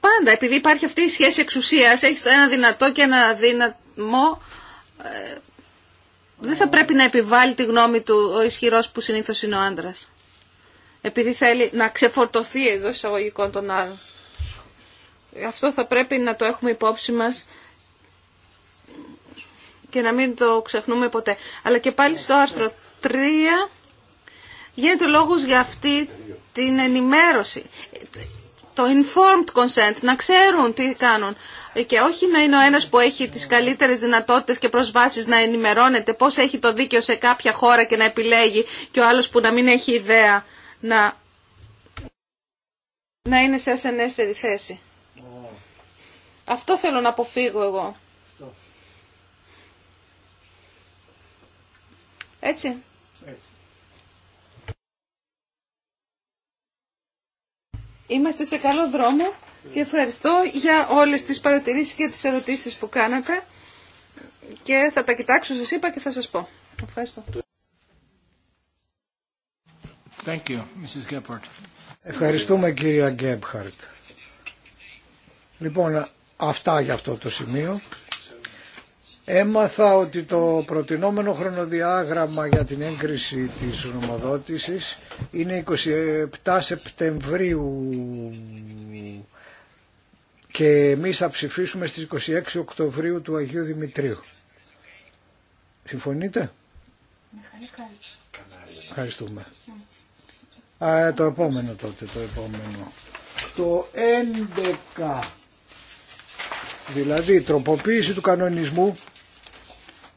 Πάντα, επειδή υπάρχει αυτή η σχέση εξουσίας, έχεις ένα δυνατό και ένα αδύναμο, δεν θα πρέπει να επιβάλλει τη γνώμη του ο ισχυρό που συνήθω είναι ο άντρα. Επειδή θέλει να ξεφορτωθεί εδώ εισαγωγικών των άλλων. Αυτό θα πρέπει να το έχουμε υπόψη μας και να μην το ξεχνούμε ποτέ. Αλλά και πάλι στο άρθρο 3 γίνεται λόγος για αυτή την ενημέρωση το informed consent, να ξέρουν τι κάνουν και όχι να είναι ο ένας που έχει τις καλύτερες δυνατότητες και προσβάσεις να ενημερώνεται πώς έχει το δίκαιο σε κάποια χώρα και να επιλέγει και ο άλλος που να μην έχει ιδέα να, να είναι σε ασενέστερη θέση. Αυτό θέλω να αποφύγω εγώ. Έτσι. Είμαστε σε καλό δρόμο και ευχαριστώ για όλες τις παρατηρήσεις και τις ερωτήσεις που κάνατε και θα τα κοιτάξω, σας είπα και θα σας πω. Ευχαριστώ. Thank you, Mrs. Ευχαριστούμε κυρία Γκέμπχαρτ. Λοιπόν, αυτά για αυτό το σημείο. Έμαθα ότι το προτινόμενο χρονοδιάγραμμα για την έγκριση της νομοδότησης είναι 27 Σεπτεμβρίου και εμείς θα ψηφίσουμε στις 26 Οκτωβρίου του Αγίου Δημητρίου. Συμφωνείτε? Ευχαριστούμε. Α, το επόμενο τότε, το επόμενο. Το 11, δηλαδή τροποποίηση του κανονισμού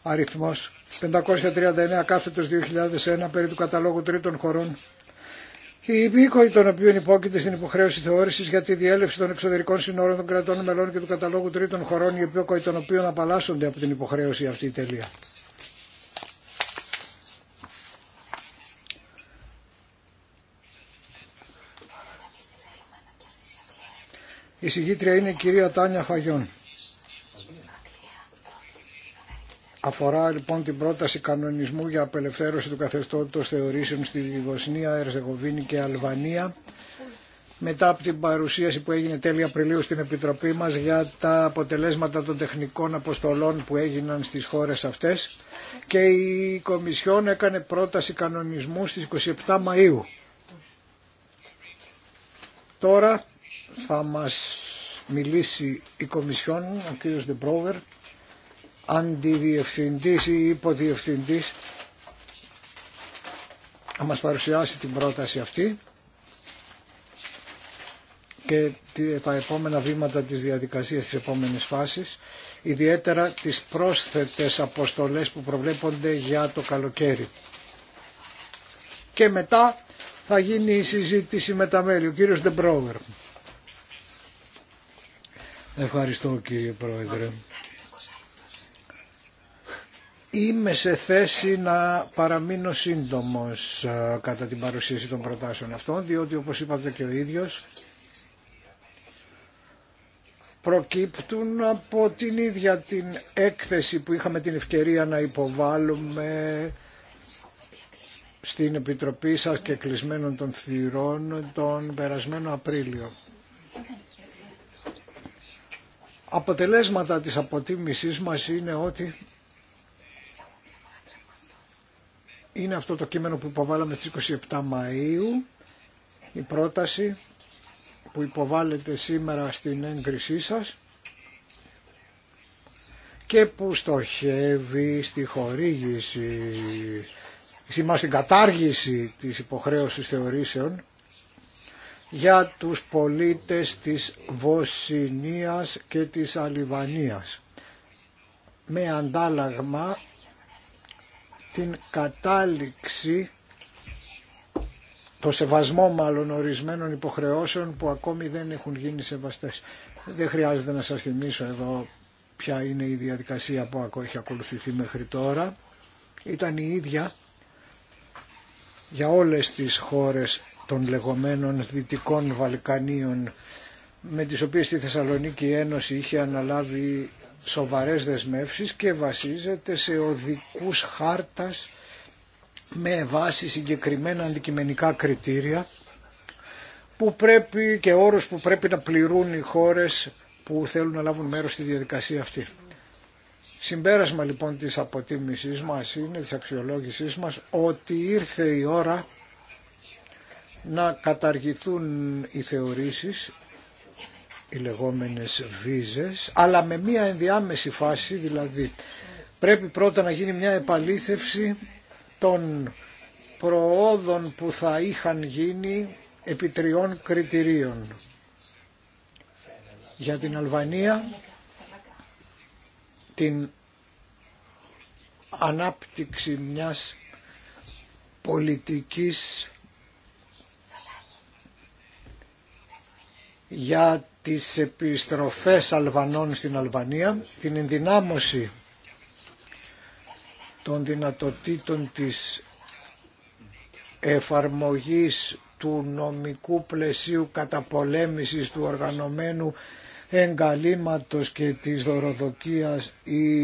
αριθμός 539 κάθετος 2001 περί του καταλόγου τρίτων χωρών Η υπήκοοι των οποίων υπόκειται στην υποχρέωση θεώρηση για τη διέλευση των εξωτερικών συνόρων των κρατών μελών και του καταλόγου τρίτων χωρών, οι υπήκοοι των οποίων απαλλάσσονται από την υποχρέωση αυτή η τελεία. Η συγγήτρια είναι η κυρία Τάνια Φαγιόν. Αφορά λοιπόν την πρόταση κανονισμού για απελευθέρωση του καθεστώτος θεωρήσεων στη Βοσνία, Ερζεγοβίνη και Αλβανία μετά από την παρουσίαση που έγινε τέλη Απριλίου στην Επιτροπή μας για τα αποτελέσματα των τεχνικών αποστολών που έγιναν στις χώρες αυτές και η Κομισιόν έκανε πρόταση κανονισμού στις 27 Μαΐου. Τώρα θα μας μιλήσει η Κομισιόν, ο κύριος Δεμπρόβερ, αντιδιευθυντής ή υποδιευθυντής να μας παρουσιάσει την πρόταση αυτή και τα επόμενα βήματα της διαδικασίας της επόμενης φάσης, ιδιαίτερα τις πρόσθετες αποστολές που προβλέπονται για το καλοκαίρι. Και μετά θα γίνει η συζήτηση με τα μέλη, ο κύριος Ντεμπρόβερ. Ευχαριστώ κύριε Πρόεδρε. Είμαι σε θέση να παραμείνω σύντομος ε, κατά την παρουσίαση των προτάσεων αυτών, διότι όπως είπατε και ο ίδιος, προκύπτουν από την ίδια την έκθεση που είχαμε την ευκαιρία να υποβάλουμε στην Επιτροπή σας και κλεισμένων των θυρών τον περασμένο Απρίλιο. Αποτελέσματα της αποτίμησής μας είναι ότι είναι αυτό το κείμενο που υποβάλαμε στις 27 Μαΐου, η πρόταση που υποβάλλεται σήμερα στην έγκρισή σας και που στοχεύει στη χορήγηση, σήμα στην κατάργηση της υποχρέωσης θεωρήσεων για τους πολίτες της Βοσνίας και της Αλιβανίας με αντάλλαγμα την κατάληξη, το σεβασμό μάλλον ορισμένων υποχρεώσεων που ακόμη δεν έχουν γίνει σεβαστές. Δεν χρειάζεται να σας θυμίσω εδώ ποια είναι η διαδικασία που έχει ακολουθηθεί μέχρι τώρα. Ήταν η ίδια για όλες τις χώρες των λεγόμενων Δυτικών Βαλκανίων με τις οποίες η Θεσσαλονίκη Ένωση είχε αναλάβει σοβαρές δεσμεύσεις και βασίζεται σε οδικούς χάρτας με βάση συγκεκριμένα αντικειμενικά κριτήρια που πρέπει και όρους που πρέπει να πληρούν οι χώρες που θέλουν να λάβουν μέρος στη διαδικασία αυτή. Συμπέρασμα λοιπόν της αποτίμησής μας είναι, της αξιολόγησής μας, ότι ήρθε η ώρα να καταργηθούν οι θεωρήσεις οι λεγόμενες βίζες, αλλά με μία ενδιάμεση φάση, δηλαδή πρέπει πρώτα να γίνει μια επαλήθευση των προόδων που θα είχαν γίνει επί τριών κριτηρίων. Για την Αλβανία, την ανάπτυξη μιας πολιτικής για τις επιστροφές Αλβανών στην Αλβανία, την ενδυνάμωση των δυνατοτήτων της εφαρμογής του νομικού πλαισίου καταπολέμησης του οργανωμένου εγκαλήματος και της δωροδοκίας ή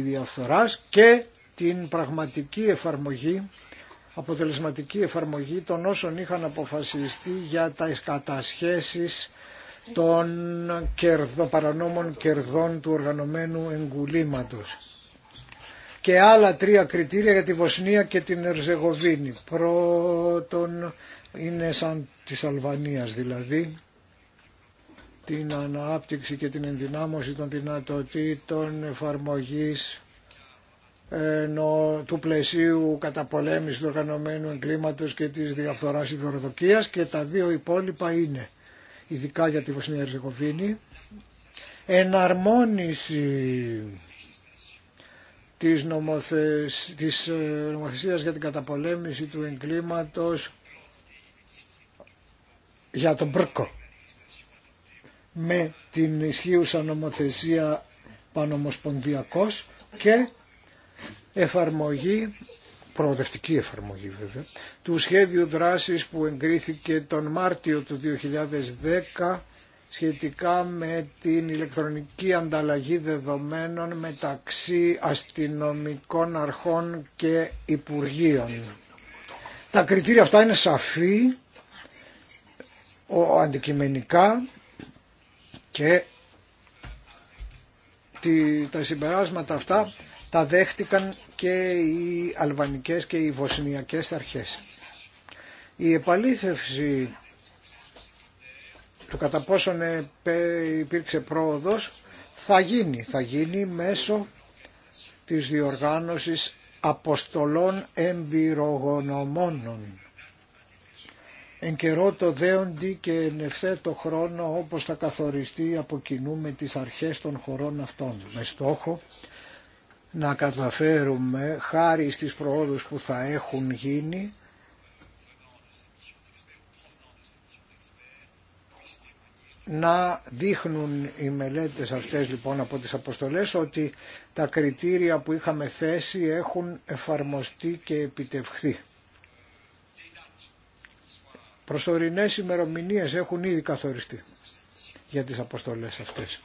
διαφθοράς και την πραγματική εφαρμογή, αποτελεσματική εφαρμογή των όσων είχαν αποφασιστεί για τα κατασχέσεις των κερδο, παρανόμων κερδών του οργανωμένου εγκουλήματος και άλλα τρία κριτήρια για τη Βοσνία και την Ερζεγοβίνη. Πρώτον είναι σαν της Αλβανίας δηλαδή την ανάπτυξη και την ενδυνάμωση των δυνατοτήτων εφαρμογής του πλαισίου καταπολέμησης του οργανωμένου εγκλήματος και της διαφθοράς ιδωροδοκίας και τα δύο υπόλοιπα είναι ειδικά για τη Βοσνία Ερζεγοβίνη, εναρμόνιση της, νομοθεσ... της ε, νομοθεσίας για την καταπολέμηση του εγκλήματος για τον ΠΡΚΟ με την ισχύουσα νομοθεσία πανομοσπονδιακός και εφαρμογή προοδευτική εφαρμογή βέβαια, του σχέδιου δράσης που εγκρίθηκε τον Μάρτιο του 2010 σχετικά με την ηλεκτρονική ανταλλαγή δεδομένων μεταξύ αστυνομικών αρχών και υπουργείων. Τα κριτήρια αυτά είναι σαφή, ο, αντικειμενικά και τα συμπεράσματα αυτά τα δέχτηκαν και οι αλβανικές και οι βοσνιακές αρχές. Η επαλήθευση του κατά πόσον ε, υπήρξε πρόοδος θα γίνει. Θα γίνει μέσω της διοργάνωσης αποστολών εμπειρογονωμόνων. Εν καιρό το δέοντι και εν ευθέτω χρόνο όπως θα καθοριστεί από κοινού με τις αρχές των χωρών αυτών. Με στόχο να καταφέρουμε χάρη στις προόδους που θα έχουν γίνει να δείχνουν οι μελέτες αυτές λοιπόν από τις αποστολές ότι τα κριτήρια που είχαμε θέσει έχουν εφαρμοστεί και επιτευχθεί. Προσωρινές ημερομηνίες έχουν ήδη καθοριστεί για τις αποστολές αυτές.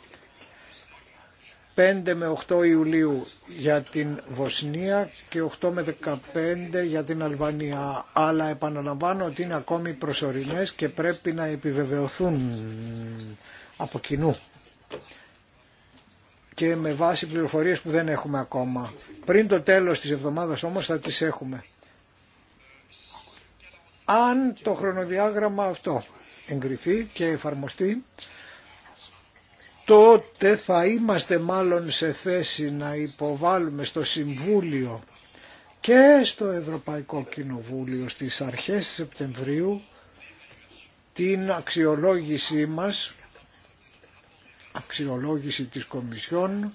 5 με 8 Ιουλίου για την Βοσνία και 8 με 15 για την Αλβανία. Αλλά επαναλαμβάνω ότι είναι ακόμη προσωρινές και πρέπει να επιβεβαιωθούν από κοινού και με βάση πληροφορίες που δεν έχουμε ακόμα. Πριν το τέλος της εβδομάδας όμως θα τις έχουμε. Αν το χρονοδιάγραμμα αυτό εγκριθεί και εφαρμοστεί, τότε θα είμαστε μάλλον σε θέση να υποβάλουμε στο Συμβούλιο και στο Ευρωπαϊκό Κοινοβούλιο στις αρχές Σεπτεμβρίου την αξιολόγησή μας, αξιολόγηση της Κομισιόν,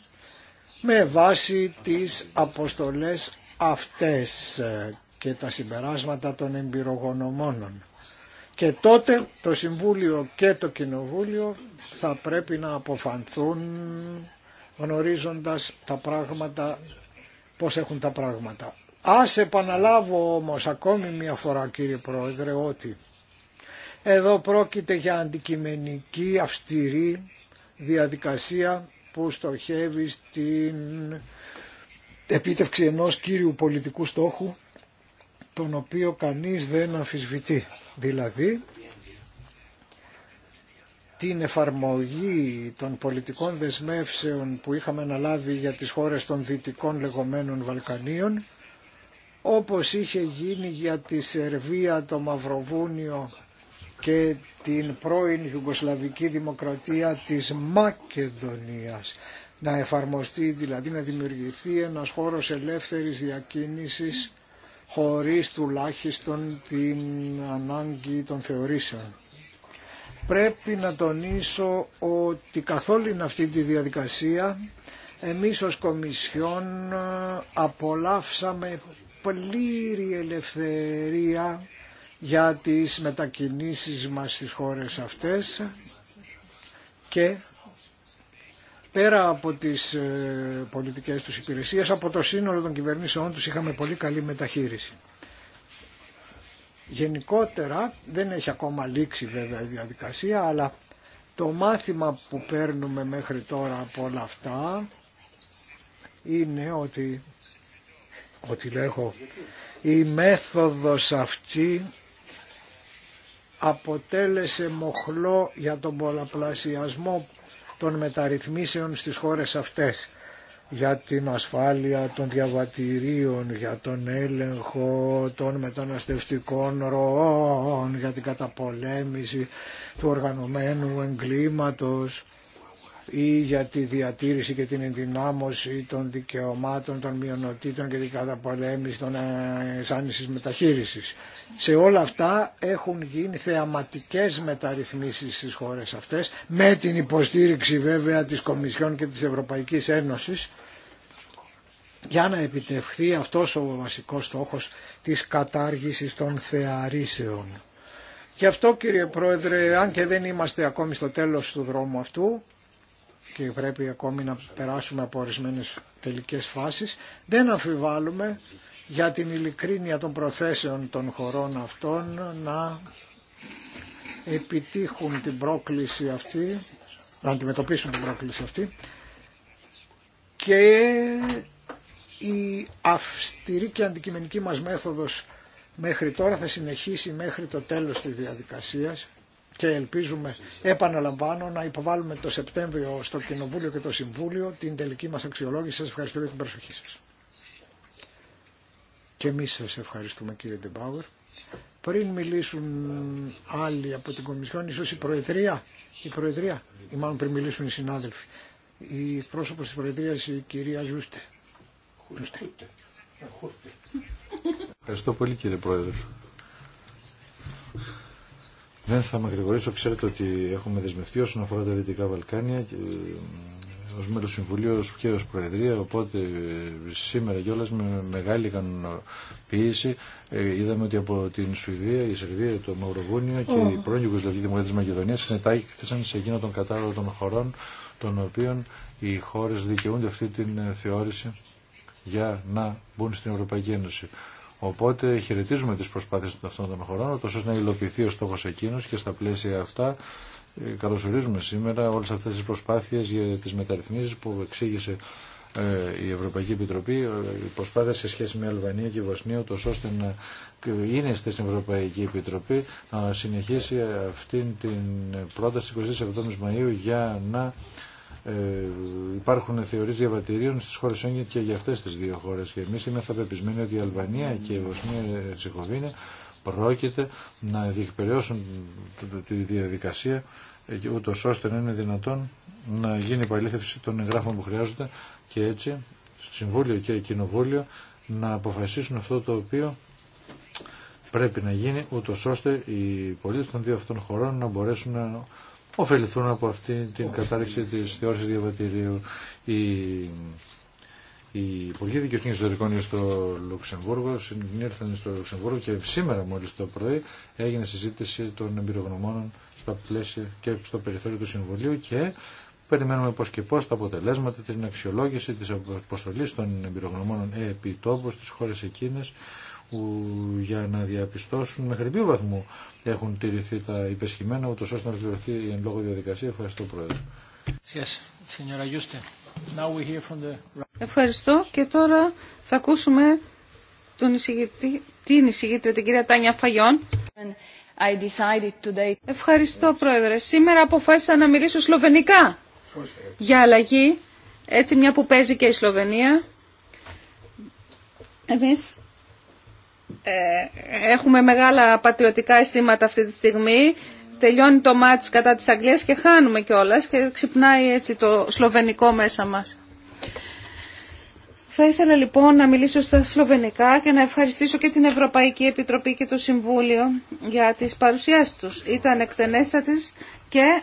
με βάση τις αποστολές αυτές και τα συμπεράσματα των εμπειρογονωμόνων. Και τότε το Συμβούλιο και το Κοινοβούλιο θα πρέπει να αποφανθούν γνωρίζοντας τα πράγματα, πώς έχουν τα πράγματα. Ας επαναλάβω όμως ακόμη μια φορά κύριε Πρόεδρε ότι εδώ πρόκειται για αντικειμενική αυστηρή διαδικασία που στοχεύει στην επίτευξη ενός κύριου πολιτικού στόχου τον οποίο κανείς δεν αμφισβητεί. Δηλαδή την εφαρμογή των πολιτικών δεσμεύσεων που είχαμε αναλάβει για τις χώρες των δυτικών λεγόμενων Βαλκανίων, όπως είχε γίνει για τη Σερβία, το Μαυροβούνιο και την πρώην Ιουγκοσλαβική Δημοκρατία της Μακεδονίας. Να εφαρμοστεί δηλαδή να δημιουργηθεί ένας χώρος ελεύθερης διακίνησης χωρίς τουλάχιστον την ανάγκη των θεωρήσεων πρέπει να τονίσω ότι καθόλου είναι αυτή τη διαδικασία εμείς ως Κομισιόν ε, απολαύσαμε πλήρη ελευθερία για τις μετακινήσεις μας στις χώρες αυτές και πέρα από τις ε, πολιτικές τους υπηρεσίες, από το σύνολο των κυβερνήσεών τους είχαμε πολύ καλή μεταχείριση. Γενικότερα, δεν έχει ακόμα λήξει βέβαια η διαδικασία, αλλά το μάθημα που παίρνουμε μέχρι τώρα από όλα αυτά είναι ότι, ότι η μέθοδος αυτή αποτέλεσε μοχλό για τον πολλαπλασιασμό των μεταρρυθμίσεων στις χώρες αυτές για την ασφάλεια των διαβατηρίων, για τον έλεγχο των μεταναστευτικών ροών, για την καταπολέμηση του οργανωμένου εγκλήματος ή για τη διατήρηση και την ενδυνάμωση των δικαιωμάτων των μειονοτήτων και την καταπολέμηση των σάνησης ε, μεταχείρισης. Σε όλα αυτά έχουν γίνει θεαματικές μεταρρυθμίσεις στις χώρες αυτές με την υποστήριξη βέβαια της Κομισιόν και της Ευρωπαϊκής Ένωσης για να επιτευχθεί αυτός ο βασικός στόχος της κατάργησης των θεαρίσεων. Γι' αυτό κύριε Πρόεδρε, αν και δεν είμαστε ακόμη στο τέλος του δρόμου αυτού και πρέπει ακόμη να περάσουμε από ορισμένε τελικές φάσεις, δεν αμφιβάλλουμε για την ειλικρίνεια των προθέσεων των χωρών αυτών να επιτύχουν την πρόκληση αυτή, να αντιμετωπίσουν την πρόκληση αυτή και η αυστηρή και αντικειμενική μας μέθοδος μέχρι τώρα θα συνεχίσει μέχρι το τέλος της διαδικασίας και ελπίζουμε, επαναλαμβάνω, να υποβάλουμε το Σεπτέμβριο στο Κοινοβούλιο και το Συμβούλιο την τελική μας αξιολόγηση. Σας ευχαριστώ για την προσοχή σας. Και εμείς σας ευχαριστούμε κύριε Ντεμπάουερ. Πριν μιλήσουν άλλοι από την Κομισιόν, ίσως η Προεδρία, η Προεδρία, ή μάλλον πριν μιλήσουν οι συνάδελφοι, η πρόσωπος της Προεδρίας η κυρία Ζούστε. Ευχαριστώ πολύ κύριε Πρόεδρε. Δεν θα μακρηγορήσω, ξέρετε ότι έχουμε δεσμευτεί όσον αφορά τα Δυτικά Βαλκάνια και ε, ως μέλος Συμβουλίου και ως Προεδρία, οπότε ε, σήμερα κιόλα με μεγάλη ικανοποίηση ε, είδαμε ότι από την Σουηδία, η Σερβία, το Μαυροβούνιο και η πρώην Ιουγκοσλαβική Δημοκρατία της Μακεδονίας συνετάχθησαν σε εκείνο τον κατάλογο των χωρών των οποίων οι χώρες δικαιούνται αυτή την θεώρηση για να μπουν στην Ευρωπαϊκή Ένωση. Οπότε χαιρετίζουμε τις προσπάθειες των αυτών των χωρών, ώστε να υλοποιηθεί ο στόχος εκείνος και στα πλαίσια αυτά ε, καλωσορίζουμε σήμερα όλες αυτές τις προσπάθειες για τις μεταρρυθμίσεις που εξήγησε ε, η Ευρωπαϊκή Επιτροπή, η ε, προσπάθεια σε σχέση με Αλβανία και Βοσνία, τόσο ώστε να είναι στην Ευρωπαϊκή Επιτροπή να συνεχίσει αυτή την πρόταση 27 Μαΐου για να ε, υπάρχουν θεωρίε διαβατηρίων στι χώρε Σέγγεν και για αυτέ τι δύο χώρε. Και εμείς είμαστε πεπισμένοι ότι η Αλβανία και η Βοσνία Ερτσεχοβίνη πρόκειται να διεκπαιρεώσουν τη διαδικασία ε, ούτω ώστε να είναι δυνατόν να γίνει η των εγγράφων που χρειάζονται και έτσι Συμβούλιο και Κοινοβούλιο να αποφασίσουν αυτό το οποίο πρέπει να γίνει ούτω ώστε οι πολίτε των δύο αυτών χωρών να μπορέσουν να ωφεληθούν από αυτή την κατάρριξη τη θεώρηση διαβατηρίου. Η, η Υπουργή Δικαιοσύνη Ιστορικών στο Λουξεμβούργο συνήλθαν στο Λουξεμβούργο και σήμερα μόλις το πρωί έγινε συζήτηση των εμπειρογνωμόνων στα πλαίσια και στο περιθώριο του Συμβουλίου και Περιμένουμε πώ και πώ τα αποτελέσματα, την αξιολόγηση τη αποστολή των εμπειρογνωμών επί τόπου στι χώρε εκείνε που για να διαπιστώσουν μέχρι ποιο βαθμό έχουν τηρηθεί τα υπεσχημένα, ούτως ώστε να ολοκληρωθεί η εν λόγω διαδικασία. Ευχαριστώ, Πρόεδρε. Ευχαριστώ και τώρα θα ακούσουμε τον εισηγητή, την εισηγήτρια, την κυρία Τάνια Φαγιόν. Ευχαριστώ, Πρόεδρε. Σήμερα αποφάσισα να μιλήσω σλοβενικά για αλλαγή, έτσι μια που παίζει και η Σλοβενία. Εμείς ε, έχουμε μεγάλα πατριωτικά αισθήματα αυτή τη στιγμή. Τελειώνει το μάτς κατά της Αγγλίας και χάνουμε κιόλα και ξυπνάει έτσι το σλοβενικό μέσα μας. Θα ήθελα λοιπόν να μιλήσω στα σλοβενικά και να ευχαριστήσω και την Ευρωπαϊκή Επιτροπή και το Συμβούλιο για τις παρουσιάσεις τους. Ήταν εκτενέστατες και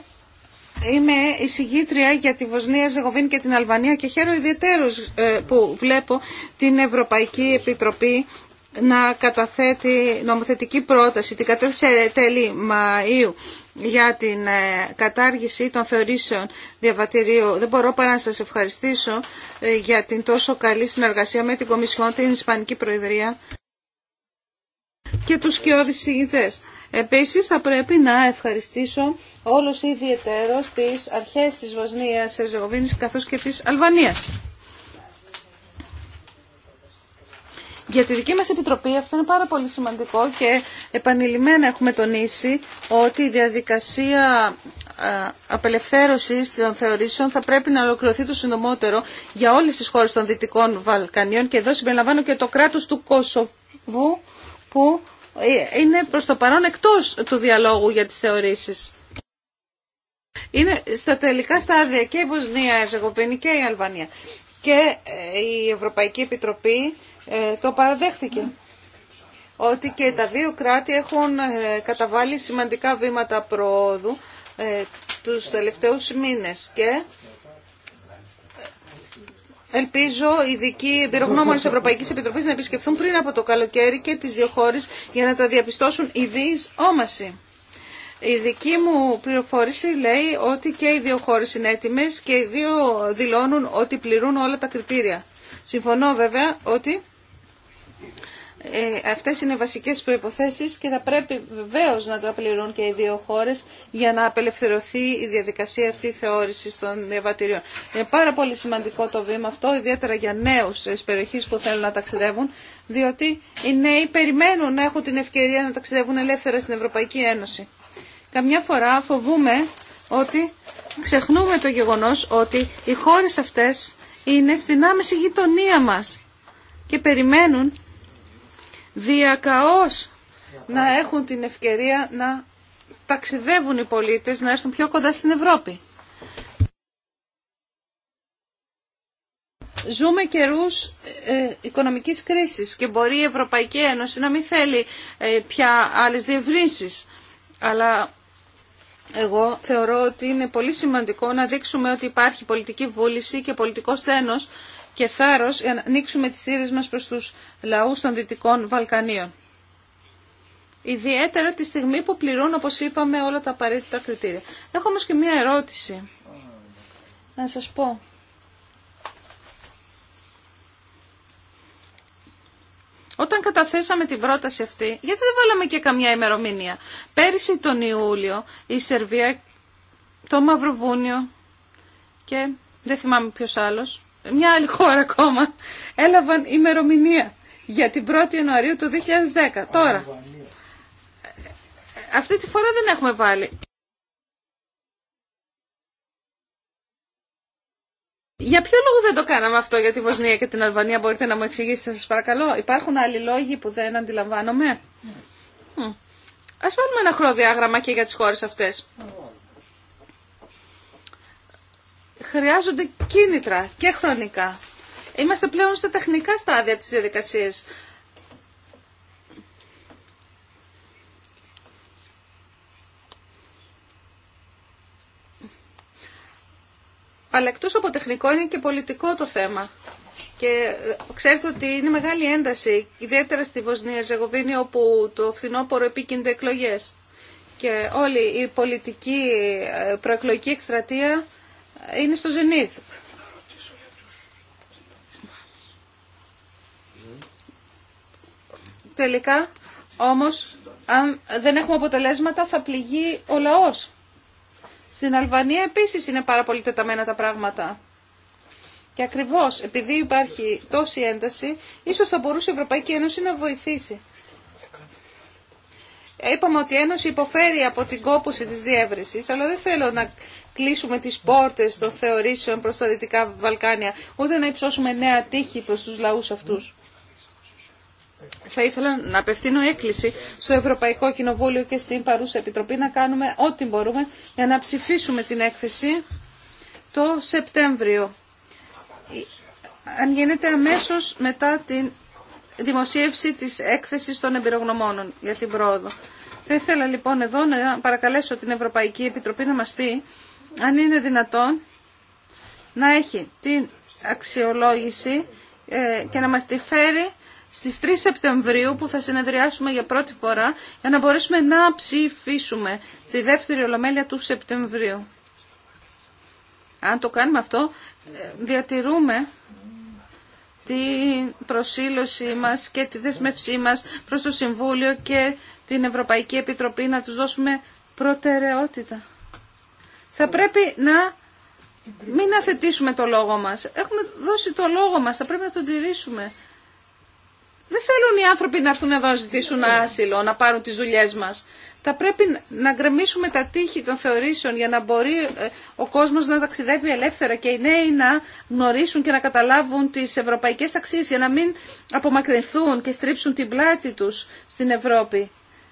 είμαι εισηγήτρια για τη Βοσνία, Ζεγοβίνη και την Αλβανία και χαίρομαι ιδιαίτερως ε, που βλέπω την Ευρωπαϊκή Επιτροπή να καταθέτει νομοθετική πρόταση την κατέθεσε τέλη Μαΐου για την ε, κατάργηση των θεωρήσεων διαβατηρίου. Δεν μπορώ παρά να σας ευχαριστήσω ε, για την τόσο καλή συνεργασία με την Κομισιόν, την Ισπανική Προεδρία και τους κοιόδης συγητές. Επίσης θα πρέπει να ευχαριστήσω όλους ιδιαιτέρως τις αρχές της Βοσνίας, Ερζεγοβίνης καθώς και της Αλβανίας. Για τη δική μας Επιτροπή αυτό είναι πάρα πολύ σημαντικό και επανειλημμένα έχουμε τονίσει ότι η διαδικασία απελευθέρωσης των θεωρήσεων θα πρέπει να ολοκληρωθεί το συντομότερο για όλες τις χώρες των Δυτικών Βαλκανίων και εδώ συμπεριλαμβάνω και το κράτος του Κόσοβου που ε, είναι προς το παρόν εκτός του διαλόγου για τις θεωρήσεις. Είναι στα τελικά στάδια και η Βοσνία, η Ζεγοπίνη και η Αλβανία. Και ε, η Ευρωπαϊκή Επιτροπή ε, το παραδέχθηκε. Ότι και τα δύο κράτη έχουν ε, καταβάλει σημαντικά βήματα προόδου ε, τους τελευταίους μήνες και Ελπίζω οι ειδικοί εμπειρογνώμονε τη Ευρωπαϊκή Επιτροπή να επισκεφθούν πριν από το καλοκαίρι και τι δύο χώρε για να τα διαπιστώσουν δύο όμαση. Η δική μου πληροφόρηση λέει ότι και οι δύο χώρε είναι έτοιμε και οι δύο δηλώνουν ότι πληρούν όλα τα κριτήρια. Συμφωνώ βέβαια ότι ε, αυτές είναι οι βασικές προϋποθέσεις και θα πρέπει βεβαίως να το απληρούν και οι δύο χώρες για να απελευθερωθεί η διαδικασία αυτή θεώρησης των διαβατηρίων. Είναι πάρα πολύ σημαντικό το βήμα αυτό, ιδιαίτερα για νέους της περιοχής που θέλουν να ταξιδεύουν, διότι οι νέοι περιμένουν να έχουν την ευκαιρία να ταξιδεύουν ελεύθερα στην Ευρωπαϊκή Ένωση. Καμιά φορά φοβούμε ότι ξεχνούμε το γεγονός ότι οι χώρες αυτές είναι στην άμεση γειτονία μας και περιμένουν διακαώς να έχουν την ευκαιρία να ταξιδεύουν οι πολίτες, να έρθουν πιο κοντά στην Ευρώπη. Ζούμε καιρούς ε, οικονομικής κρίσης και μπορεί η Ευρωπαϊκή Ένωση να μην θέλει ε, πια άλλες διευρύνσεις. Αλλά εγώ θεωρώ ότι είναι πολύ σημαντικό να δείξουμε ότι υπάρχει πολιτική βούληση και πολιτικό στένος και θάρρος για να ανοίξουμε τις θύρες μας προς τους λαούς των Δυτικών Βαλκανίων. Ιδιαίτερα τη στιγμή που πληρούν, όπως είπαμε, όλα τα απαραίτητα κριτήρια. Έχω όμως και μία ερώτηση. Να σας πω. Όταν καταθέσαμε την πρόταση αυτή, γιατί δεν βάλαμε και καμιά ημερομηνία. Πέρυσι τον Ιούλιο η Σερβία, το Μαυροβούνιο και δεν θυμάμαι ποιος άλλος, μια άλλη χώρα ακόμα, έλαβαν ημερομηνία για την 1η Ιανουαρίου του 2010. Τώρα, αυτή τη φορά δεν έχουμε βάλει. Για ποιο λόγο δεν το κάναμε αυτό για τη Βοσνία και την Αλβανία, μπορείτε να μου εξηγήσετε σας παρακαλώ. Υπάρχουν άλλοι λόγοι που δεν αντιλαμβάνομαι. Mm. Ας βάλουμε ένα χρονοδιάγραμμα και για τις χώρες αυτές χρειάζονται κίνητρα και χρονικά. Είμαστε πλέον στα τεχνικά στάδια της διαδικασίας. Αλλά εκτός από τεχνικό είναι και πολιτικό το θέμα. Και ε, ξέρετε ότι είναι μεγάλη ένταση, ιδιαίτερα στη Βοσνία Ζεγοβίνη, όπου το φθινόπωρο επίκυνται εκλογέ. Και όλη η πολιτική ε, προεκλογική εκστρατεία είναι στο Ζενίθ. Τελικά, όμως, αν δεν έχουμε αποτελέσματα θα πληγεί ο λαός. Στην Αλβανία επίσης είναι πάρα πολύ τεταμένα τα πράγματα. Και ακριβώς επειδή υπάρχει τόση ένταση, ίσως θα μπορούσε η Ευρωπαϊκή Ένωση να βοηθήσει. Είπαμε ότι η Ένωση υποφέρει από την κόπωση της διεύρυνσης, αλλά δεν θέλω να κλείσουμε τις πόρτες των θεωρήσεων προς τα Δυτικά Βαλκάνια, ούτε να υψώσουμε νέα τύχη προς τους λαούς αυτούς. Θα ήθελα να απευθύνω έκκληση στο Ευρωπαϊκό Κοινοβούλιο και στην παρούσα Επιτροπή να κάνουμε ό,τι μπορούμε για να ψηφίσουμε την έκθεση το Σεπτέμβριο. Αν γίνεται αμέσως μετά την δημοσίευση της έκθεσης των εμπειρογνωμόνων για την πρόοδο. Θα ήθελα λοιπόν εδώ να παρακαλέσω την Ευρωπαϊκή Επιτροπή να μας πει αν είναι δυνατόν, να έχει την αξιολόγηση ε, και να μας τη φέρει στις 3 Σεπτεμβρίου που θα συνεδριάσουμε για πρώτη φορά για να μπορέσουμε να ψηφίσουμε στη δεύτερη ολομέλεια του Σεπτεμβρίου. Αν το κάνουμε αυτό, ε, διατηρούμε την προσήλωσή μας και τη δεσμευσή μας προς το Συμβούλιο και την Ευρωπαϊκή Επιτροπή να τους δώσουμε προτεραιότητα θα πρέπει να μην αθετήσουμε το λόγο μας. Έχουμε δώσει το λόγο μας, θα πρέπει να τον τηρήσουμε. Δεν θέλουν οι άνθρωποι να έρθουν εδώ να ζητήσουν άσυλο, να πάρουν τις δουλειές μας. Θα πρέπει να γκρεμίσουμε τα τείχη των θεωρήσεων για να μπορεί ε, ο κόσμος να ταξιδεύει ελεύθερα και οι νέοι να γνωρίσουν και να καταλάβουν τις ευρωπαϊκές αξίες για να μην απομακρυνθούν και στρίψουν την πλάτη τους στην Ευρώπη.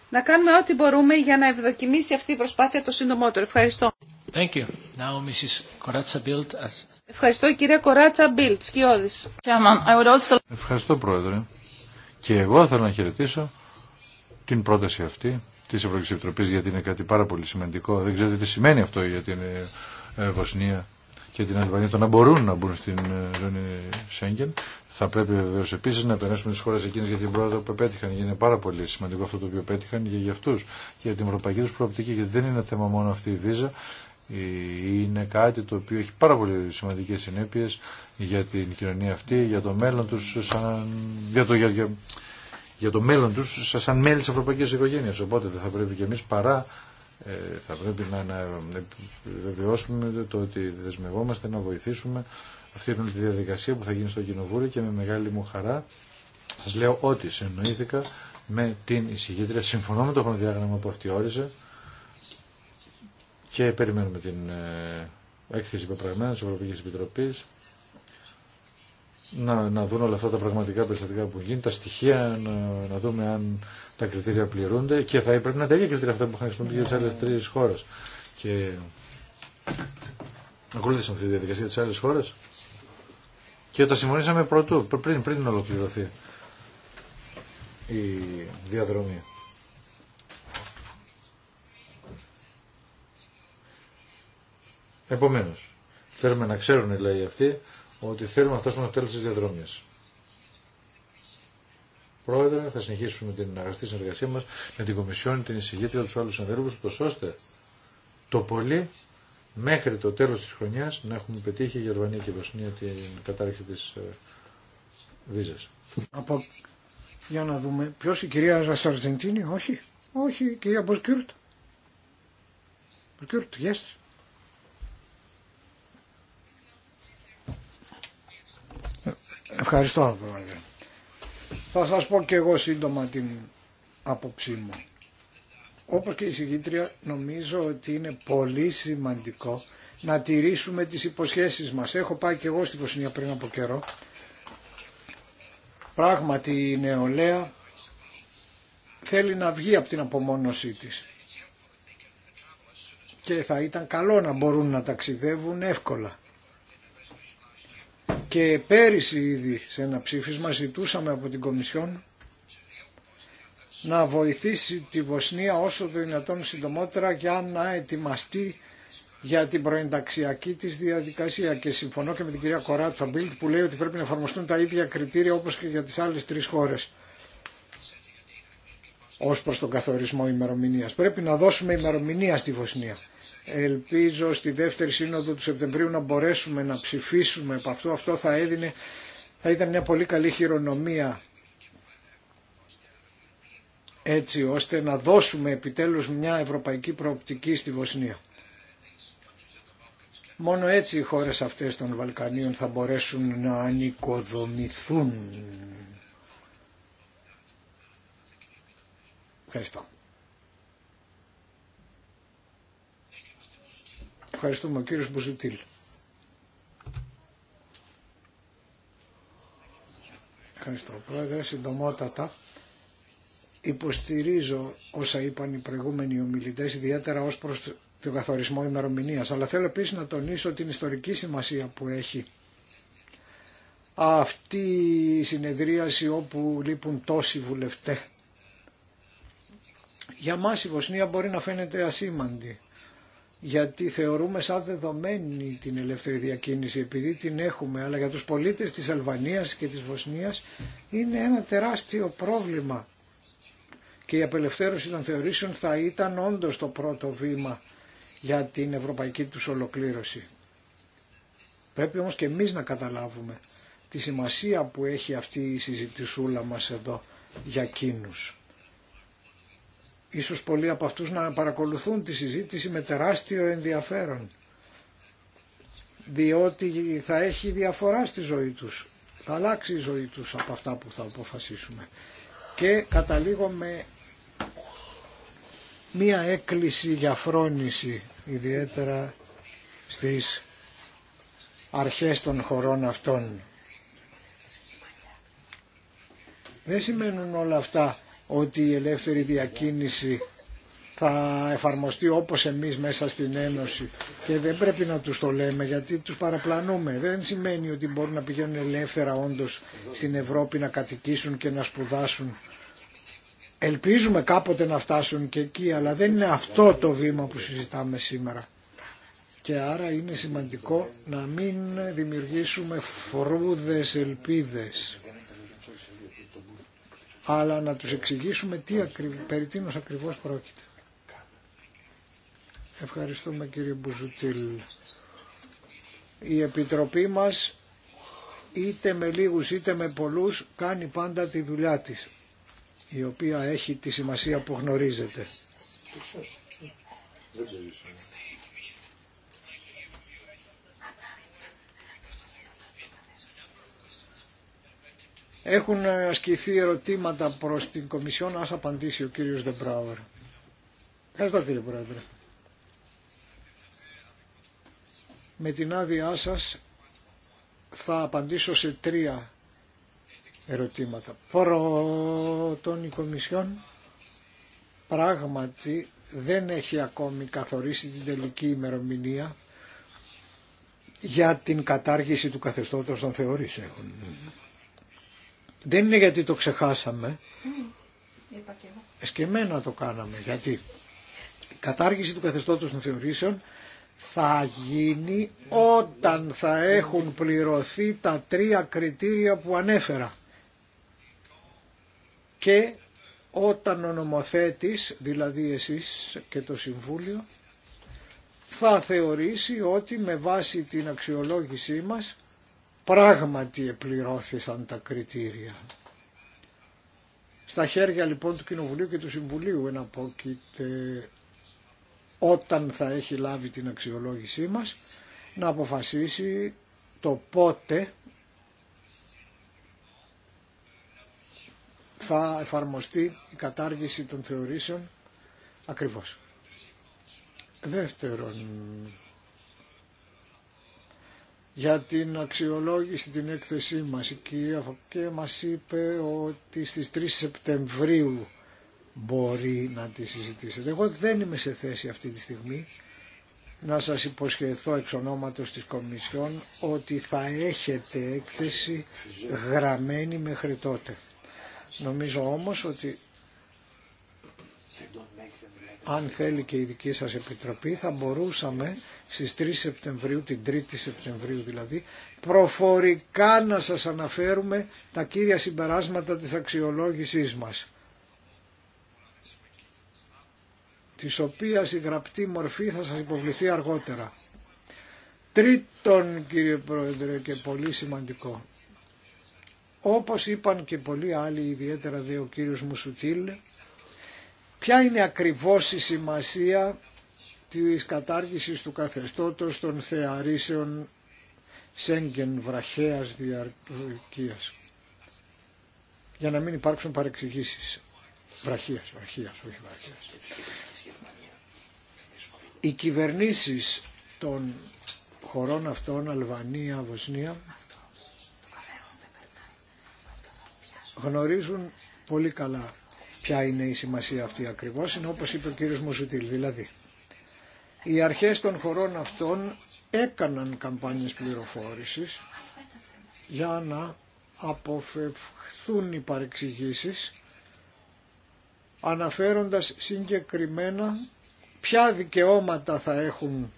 Να κάνουμε ό,τι μπορούμε για να ευδοκιμήσει αυτή η προσπάθεια το σύντομότερο. Ευχαριστώ. Thank you. Now, Mrs. Uh, Ευχαριστώ κυρία Κοράτσα Μπίλτ, σκιώδης. Also... Ευχαριστώ πρόεδρε. Και εγώ θέλω να χαιρετήσω την πρόταση αυτή τη Ευρωπαϊκή Επιτροπής γιατί είναι κάτι πάρα πολύ σημαντικό. Δεν ξέρετε τι σημαίνει αυτό για την ε, ε, Βοσνία και την Αλβανία το να μπορούν να μπουν στην ε, ζώνη Σέγγεν. Θα πρέπει βεβαίω επίση να περάσουμε τι χώρε εκείνε για την πρόοδο που πέτυχαν. είναι πάρα πολύ σημαντικό αυτό το οποίο πέτυχαν και για αυτού και για την ευρωπαϊκή του προοπτική. Γιατί δεν είναι θέμα μόνο αυτή η βίζα, είναι κάτι το οποίο έχει πάρα πολύ σημαντικές συνέπειες για την κοινωνία αυτή, για το μέλλον τους σαν, για το, για, για, το μέλλον τους σαν μέλη της Ευρωπαϊκής Οικογένειας. Οπότε δεν θα πρέπει και εμείς παρά ε, θα πρέπει να, να βεβαιώσουμε το ότι δεσμευόμαστε να βοηθήσουμε αυτή τη διαδικασία που θα γίνει στο Κοινοβούλιο και με μεγάλη μου χαρά σας λέω ότι συνοήθηκα με την εισηγήτρια, συμφωνώ με το χρονοδιάγραμμα που αυτή όρισε και περιμένουμε την ε, έκθεση πεπραγμένα της Ευρωπαϊκής Επιτροπής να, να δουν όλα αυτά τα πραγματικά περιστατικά που γίνουν, τα στοιχεία, να, να δούμε αν τα κριτήρια πληρούνται και θα έπρεπε να τα ίδια κριτήρια αυτά που είχαν χρησιμοποιηθεί τις άλλες τρεις χώρες. Και ακολούθησαν αυτή τη διαδικασία τις άλλες χώρες και τα συμφωνήσαμε πρωτού, πριν, πριν ολοκληρωθεί η διαδρομή. Επομένω. θέλουμε να ξέρουν οι λαοί αυτοί ότι θέλουμε να φτάσουμε στο τέλο τη διαδρομή. Πρόεδρε, θα συνεχίσουμε την αγαστή συνεργασία μας με την Κομισιόν, την εισηγήτρια, του άλλου συναδέλφους, τόσο ώστε το πολύ μέχρι το τέλο τη χρονιά να έχουμε πετύχει η Γερμανία και η Βοσνία την κατάρριξη της ε, βίζα. Από... Για να δούμε. Ποιος η κυρία Ρασαρτζεντίνη, όχι. Όχι, η κυρία Μποσκιούρτ. Μποσκιούρτ, yes. Ευχαριστώ, Πρόεδρε. Θα σας πω και εγώ σύντομα την άποψή μου. Όπως και η συγκήτρια, νομίζω ότι είναι πολύ σημαντικό να τηρήσουμε τις υποσχέσεις μας. Έχω πάει και εγώ στην Βοσνία πριν από καιρό. Πράγματι η νεολαία θέλει να βγει από την απομόνωσή της. Και θα ήταν καλό να μπορούν να ταξιδεύουν εύκολα. Και πέρυσι ήδη σε ένα ψήφισμα ζητούσαμε από την Κομισιόν να βοηθήσει τη Βοσνία όσο το δυνατόν συντομότερα για να ετοιμαστεί για την προενταξιακή της διαδικασία. Και συμφωνώ και με την κυρία Κοράτσα Μπίλτ που λέει ότι πρέπει να εφαρμοστούν τα ίδια κριτήρια όπως και για τις άλλες τρεις χώρες ως προς τον καθορισμό ημερομηνία. Πρέπει να δώσουμε ημερομηνία στη Βοσνία. Ελπίζω στη δεύτερη σύνοδο του Σεπτεμβρίου να μπορέσουμε να ψηφίσουμε από αυτό. Αυτό θα, έδινε, θα ήταν μια πολύ καλή χειρονομία έτσι ώστε να δώσουμε επιτέλους μια ευρωπαϊκή προοπτική στη Βοσνία. Μόνο έτσι οι χώρες αυτές των Βαλκανίων θα μπορέσουν να ανοικοδομηθούν. Ευχαριστώ. Ευχαριστούμε ο κύριος Μπουζουτήλ. Ευχαριστώ πρόεδρε, συντομότατα. Υποστηρίζω όσα είπαν οι προηγούμενοι ομιλητές, ιδιαίτερα ως προς τον καθορισμό ημερομηνία. Αλλά θέλω επίση να τονίσω την ιστορική σημασία που έχει αυτή η συνεδρίαση όπου λείπουν τόσοι βουλευτές. Για μας η Βοσνία μπορεί να φαίνεται ασήμαντη γιατί θεωρούμε σαν δεδομένη την ελεύθερη διακίνηση επειδή την έχουμε αλλά για τους πολίτες της Αλβανίας και της Βοσνίας είναι ένα τεράστιο πρόβλημα και η απελευθέρωση των θεωρήσεων θα ήταν όντως το πρώτο βήμα για την ευρωπαϊκή τους ολοκλήρωση. Πρέπει όμως και εμείς να καταλάβουμε τη σημασία που έχει αυτή η συζητησούλα μας εδώ για εκείνους. Ίσως πολλοί από αυτούς να παρακολουθούν τη συζήτηση με τεράστιο ενδιαφέρον διότι θα έχει διαφορά στη ζωή τους. Θα αλλάξει η ζωή τους από αυτά που θα αποφασίσουμε. Και καταλήγω με μία έκκληση για φρόνηση ιδιαίτερα στις αρχές των χωρών αυτών. Δεν σημαίνουν όλα αυτά ότι η ελεύθερη διακίνηση θα εφαρμοστεί όπως εμείς μέσα στην Ένωση και δεν πρέπει να τους το λέμε γιατί τους παραπλανούμε. Δεν σημαίνει ότι μπορούν να πηγαίνουν ελεύθερα όντως στην Ευρώπη να κατοικήσουν και να σπουδάσουν. Ελπίζουμε κάποτε να φτάσουν και εκεί αλλά δεν είναι αυτό το βήμα που συζητάμε σήμερα. Και άρα είναι σημαντικό να μην δημιουργήσουμε φρούδες ελπίδες αλλά να τους εξηγήσουμε τι ακριβ, περί τίνος ακριβώς πρόκειται. Ευχαριστούμε κύριε Μπουζουτήλ. Η Επιτροπή μας είτε με λίγους είτε με πολλούς κάνει πάντα τη δουλειά της η οποία έχει τη σημασία που γνωρίζετε. Έχουν ασκηθεί ερωτήματα προς την Κομισιόν, ας απαντήσει ο κύριος Δεμπράουερ. Ευχαριστώ κύριε Πρόεδρε. Με την άδειά σας θα απαντήσω σε τρία ερωτήματα. Πρώτον η Κομισιόν πράγματι δεν έχει ακόμη καθορίσει την τελική ημερομηνία για την κατάργηση του καθεστώτος των θεωρήσεων. Δεν είναι γιατί το ξεχάσαμε. Mm. Εσκεμένα το κάναμε. Γιατί η κατάργηση του καθεστώτος των θεωρήσεων θα γίνει όταν θα έχουν πληρωθεί τα τρία κριτήρια που ανέφερα. Και όταν ο νομοθέτης, δηλαδή εσείς και το Συμβούλιο, θα θεωρήσει ότι με βάση την αξιολόγησή μας πράγματι επληρώθησαν τα κριτήρια. Στα χέρια λοιπόν του Κοινοβουλίου και του Συμβουλίου εναπόκειται όταν θα έχει λάβει την αξιολόγησή μας να αποφασίσει το πότε θα εφαρμοστεί η κατάργηση των θεωρήσεων ακριβώς. Δεύτερον, για την αξιολόγηση την έκθεσή μας. Η κυρία Φοκέ μας είπε ότι στις 3 Σεπτεμβρίου μπορεί να τη συζητήσετε. Εγώ δεν είμαι σε θέση αυτή τη στιγμή να σας υποσχεθώ εξ ονόματος της Κομισιόν ότι θα έχετε έκθεση γραμμένη μέχρι τότε. Νομίζω όμως ότι αν θέλει και η δική σας επιτροπή θα μπορούσαμε στις 3 Σεπτεμβρίου, την 3η Σεπτεμβρίου δηλαδή, προφορικά να σας αναφέρουμε τα κύρια συμπεράσματα της αξιολόγησής μας. Της οποία η γραπτή μορφή θα σας υποβληθεί αργότερα. Τρίτον κύριε Πρόεδρε και πολύ σημαντικό. Όπως είπαν και πολλοί άλλοι, ιδιαίτερα δε ο κύριος Μουσουτήλ, ποια είναι ακριβώς η σημασία της κατάργησης του καθεστώτος των θεαρήσεων Σέγγεν βραχέας διαρκείας. Για να μην υπάρξουν παρεξηγήσεις. Βραχίας, βραχίας, όχι βραχίας. Οι κυβερνήσεις των χωρών αυτών, Αλβανία, Βοσνία, γνωρίζουν πολύ καλά ποια είναι η σημασία αυτή ακριβώς, είναι όπως είπε ο κύριος Μουζουτήλ, δηλαδή οι αρχές των χωρών αυτών έκαναν καμπάνιες πληροφόρησης για να αποφευχθούν οι παρεξηγήσεις αναφέροντας συγκεκριμένα ποια δικαιώματα θα έχουν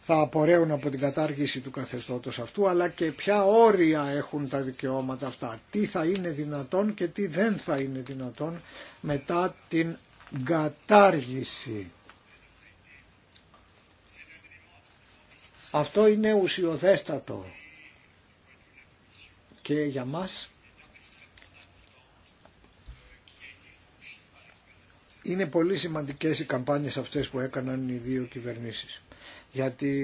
θα απορρέουν από την κατάργηση του καθεστώτος αυτού, αλλά και ποια όρια έχουν τα δικαιώματα αυτά, τι θα είναι δυνατόν και τι δεν θα είναι δυνατόν μετά την κατάργηση. Αυτό είναι ουσιοδέστατο και για μας είναι πολύ σημαντικές οι καμπάνιες αυτές που έκαναν οι δύο κυβερνήσεις. Γιατί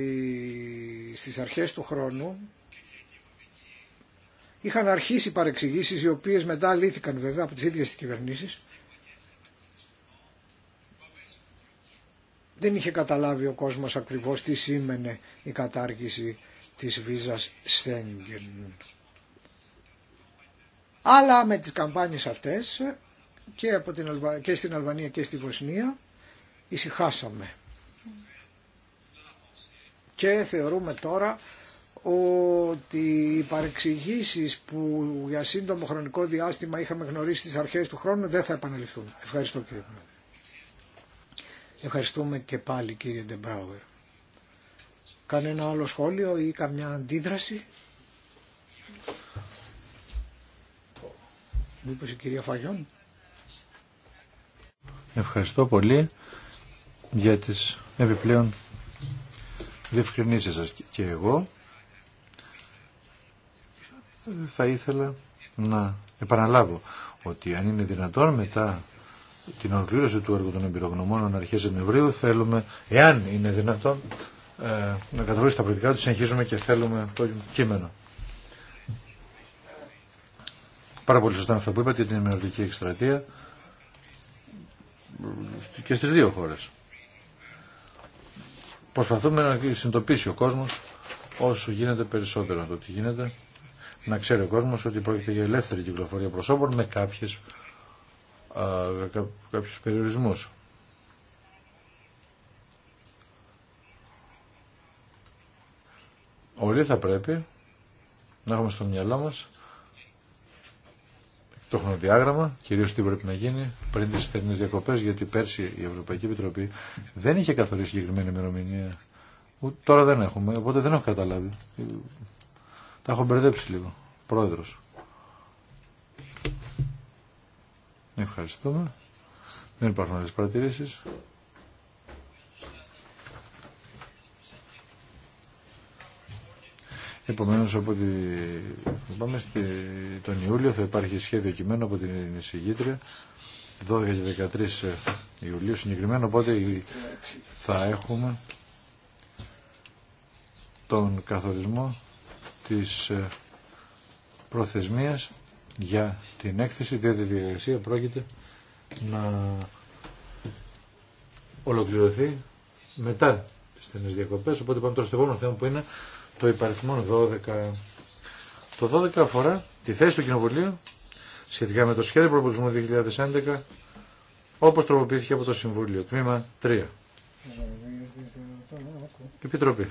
στις αρχές του χρόνου είχαν αρχίσει παρεξηγήσεις οι οποίες μετά λύθηκαν βέβαια από τις ίδιες τις κυβερνήσεις δεν είχε καταλάβει ο κόσμος ακριβώς τι σήμαινε η κατάργηση της βίζας Στέγγεν. Αλλά με τις καμπάνιες αυτές και, από την και στην Αλβανία και στη Βοσνία ησυχάσαμε. Και θεωρούμε τώρα ότι οι παρεξηγήσεις που για σύντομο χρονικό διάστημα είχαμε γνωρίσει στις αρχές του χρόνου δεν θα επαναληφθούν. Ευχαριστώ κύριε Ευχαριστούμε και πάλι κύριε Ντεμπράουερ. Κανένα άλλο σχόλιο ή καμιά αντίδραση. Μήπως η κυρία ειπε η Ευχαριστώ πολύ για τις επιπλέον διευκρινήσεις σας και εγώ. Θα ήθελα να επαναλάβω ότι αν είναι δυνατόν μετά την ολοκλήρωση του έργου των αρχίσει αρχές βρίου. θέλουμε, εάν είναι δυνατόν, ε, να καθορίσει τα πολιτικά του, συνεχίζουμε και θέλουμε το κείμενο. Πάρα πολύ σωστά αυτό που είπατε για την ημερολογική εκστρατεία και στις δύο χώρες. Προσπαθούμε να συνειδητοποιήσει ο κόσμος όσο γίνεται περισσότερο το τι γίνεται, να ξέρει ο κόσμος ότι πρόκειται για ελεύθερη κυκλοφορία προσώπων με κάποιες κάποιους περιορισμούς. Όλοι θα πρέπει να έχουμε στο μυαλό μας το χρονοδιάγραμμα, κυρίως τι πρέπει να γίνει πριν τις θερινές διακοπές, γιατί πέρσι η Ευρωπαϊκή Επιτροπή δεν είχε καθορίσει συγκεκριμένη ημερομηνία. Τώρα δεν έχουμε, οπότε δεν έχω καταλάβει. Τα έχω μπερδέψει λίγο. Πρόεδρος. Ευχαριστούμε. Δεν υπάρχουν άλλες παρατηρήσεις. Επομένω, από τη... πάμε στη... τον Ιούλιο, θα υπάρχει σχέδιο κειμένο από την εισηγήτρια 12 και 13 Ιουλίου συγκεκριμένο οπότε θα έχουμε τον καθορισμό της ε, προθεσμίας για την έκθεση, διότι η διαδικασία πρόκειται να ολοκληρωθεί μετά τις στενές διακοπές, οπότε πάμε τώρα στο επόμενο θέμα που είναι το υπαριθμό 12. Το 12 αφορά τη θέση του Κοινοβουλίου σχετικά με το σχέδιο προπολισμού 2011 όπως τροποποιήθηκε από το Συμβούλιο. Τμήμα 3. Επιτροπή.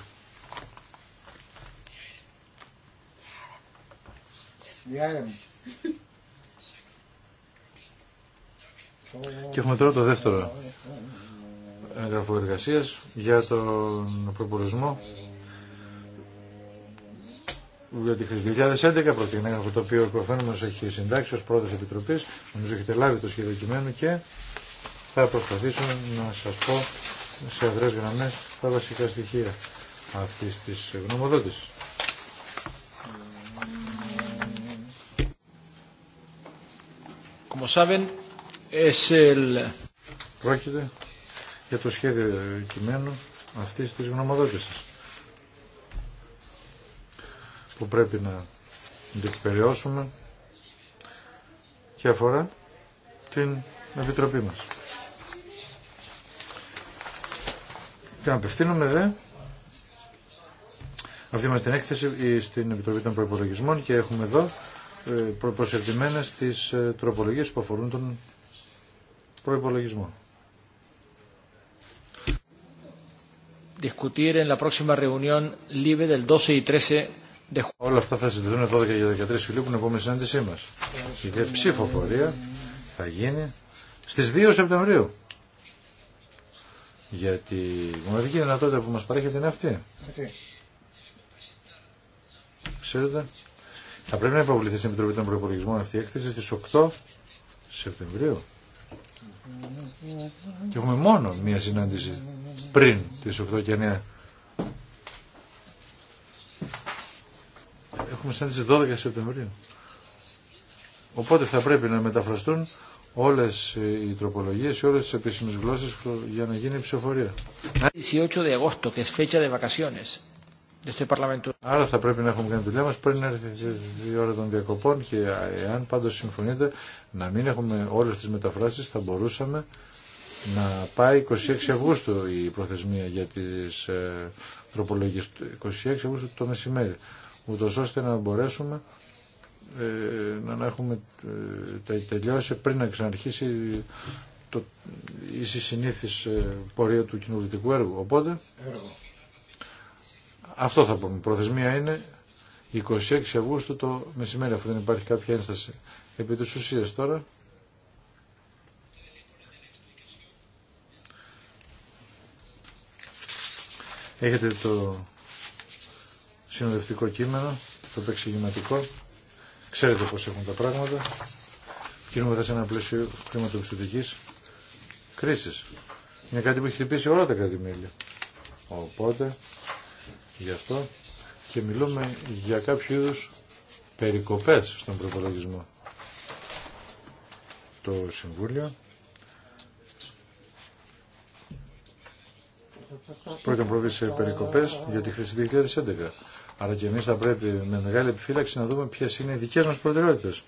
Διάρεμη. Και έχουμε τώρα το δεύτερο έγγραφο εργασία για τον προπολισμό για τη χρήση 2011. Πρώτη έγγραφο το οποίο προφανώ μα έχει συντάξει ω πρώτης επιτροπή. Νομίζω έχετε λάβει το σχέδιο κειμένου και θα προσπαθήσω να σας πω σε αδρές γραμμές τα βασικά στοιχεία αυτής της γνωμοδότησης Como Πρόκειται για το σχέδιο κειμένου αυτή τη γνωμοδότηση. που πρέπει να διεκπεριώσουμε και αφορά την Επιτροπή μα. Και να απευθύνομαι δε αυτή μας την έκθεση στην Επιτροπή των Προϋπολογισμών και έχουμε εδώ ε, προσεκτημένες τις ε, τροπολογίες που αφορούν τον προϋπολογισμό. Discutir en la próxima reunión libre del 12 y 13 de Όλα αυτά θα συζητηθούν 12 και 13 Ιουλίου που είναι η επόμενη συνάντησή μα. Η ψηφοφορία θα γίνει στι 2 Σεπτεμβρίου. Γιατί η μοναδική δυνατότητα που μα παρέχεται είναι αυτή. Ξέρετε, θα πρέπει να υποβληθεί στην Επιτροπή των Προπολογισμών αυτή η έκθεση στι 8 Σεπτεμβρίου. Και έχουμε μόνο μία συνάντηση πριν τι 8 και 9. Έχουμε συνάντηση 12 Σεπτεμβρίου. Οπότε θα πρέπει να μεταφραστούν όλες οι τροπολογίες και όλες τις επίσημες γλώσσες για να γίνει η ψηφοφορία. 18 de Άρα θα πρέπει να έχουμε κάνει δουλειά μα πριν έρθει η ώρα των διακοπών και εάν πάντω συμφωνείτε να μην έχουμε όλε τι μεταφράσει θα μπορούσαμε να πάει 26 Αυγούστου η προθεσμία για τι ε, τροπολογίε. 26 Αυγούστου το μεσημέρι. Ούτω ώστε να μπορέσουμε ε, να έχουμε ε, τελειώσει πριν να ξαναρχίσει το, η συνήθις ε, πορεία του κοινοβουλευτικού έργου. Οπότε. Αυτό θα πούμε. Η προθεσμία είναι 26 Αυγούστου το μεσημέρι, αφού δεν υπάρχει κάποια ένσταση. Επί του ουσίας τώρα... Έχετε το συνοδευτικό κείμενο, το επεξηγηματικό. Ξέρετε πώς έχουν τα πράγματα. Κινούμεθα σε ένα πλαίσιο χρηματοπιστωτικής κρίσης. Είναι κάτι που έχει χτυπήσει όλα τα κρατημέλια. Οπότε Γι' αυτό και μιλούμε για κάποιους είδου περικοπές στον προπολογισμό. Το Συμβούλιο πρώτον προβεί σε περικοπές για τη χρήση 2011. Άρα και εμείς θα πρέπει με μεγάλη επιφύλαξη να δούμε ποιες είναι οι δικές μας προτεραιότητες.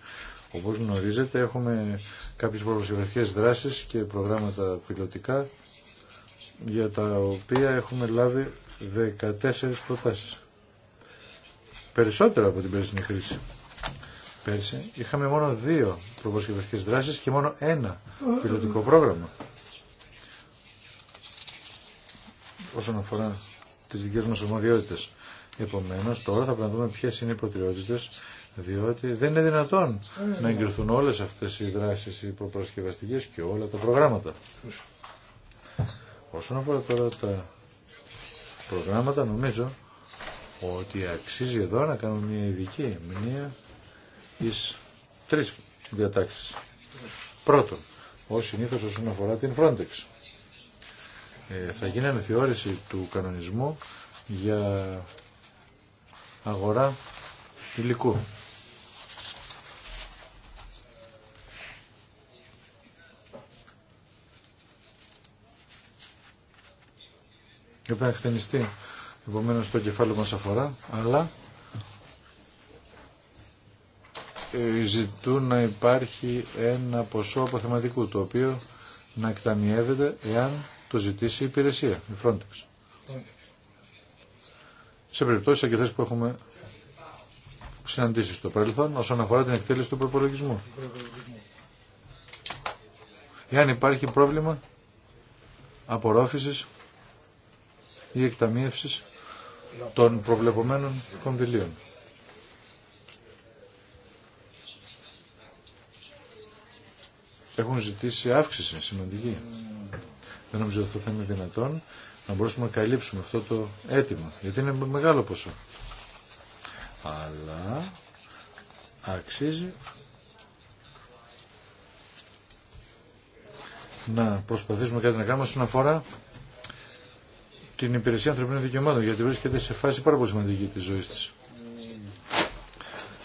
Όπως γνωρίζετε έχουμε κάποιες προσευχές δράσεις και προγράμματα πιλωτικά για τα οποία έχουμε λάβει 14 προτάσει. Περισσότερο από την περσινή χρήση. Πέρσι είχαμε μόνο δύο προπροσκευαστικές δράσεις και μόνο ένα πιλωτικό πρόγραμμα. Όσον αφορά τι δικέ μα ομοδιότητες. Επομένως, τώρα θα πρέπει να δούμε ποιε είναι οι προτεραιότητες, διότι δεν είναι δυνατόν να εγκριθούν όλες αυτές οι δράσεις, οι προπροσκευαστικές και όλα τα προγράμματα. Όσον αφορά τώρα τα προγράμματα νομίζω ότι αξίζει εδώ να κάνουμε μια ειδική μνήμα εις τρεις διατάξεις. Πρώτον, ω συνήθως όσον αφορά την Frontex. Ε, θα γίνει αναθεώρηση του κανονισμού για αγορά υλικού. χτενιστεί Επομένως το κεφάλαιο μας αφορά, αλλά ε, ζητούν να υπάρχει ένα ποσό αποθεματικού το οποίο να εκταμιεύεται εάν το ζητήσει η υπηρεσία, η Frontex. Σε και θέσει που έχουμε συναντήσει στο παρελθόν όσον αφορά την εκτέλεση του προπολογισμού. Εάν υπάρχει πρόβλημα απορρόφησης ή εκταμίευσης των προβλεπωμένων κονδυλίων. Έχουν ζητήσει αύξηση σημαντική. Δεν νομίζω ότι θα είναι δυνατόν να μπορούμε να καλύψουμε αυτό το αίτημα, γιατί είναι μεγάλο ποσό. Αλλά αξίζει να προσπαθήσουμε κάτι να κάνουμε όσον αφορά την υπηρεσία ανθρωπίνων δικαιωμάτων, γιατί βρίσκεται σε φάση πάρα πολύ σημαντική τη ζωή τη.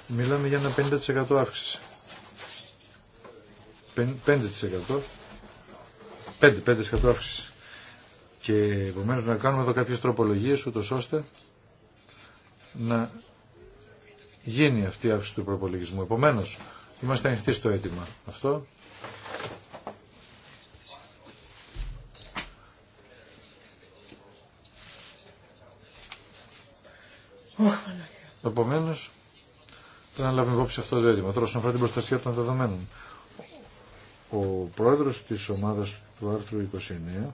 Μιλάμε για ένα 50% αύξηση. 5%, 5%, αύξηση. Και επομένως να κάνουμε εδώ κάποιες τροπολογίες, ούτω ώστε να γίνει αυτή η αύξηση του προπολογισμού. Επομένως, είμαστε ανοιχτοί στο αίτημα αυτό Επομένω, θέλω να λάβουμε υπόψη αυτό το αίτημα. Τώρα, όσον αφορά την προστασία των δεδομένων. Ο πρόεδρο τη ομάδα του άρθρου 29,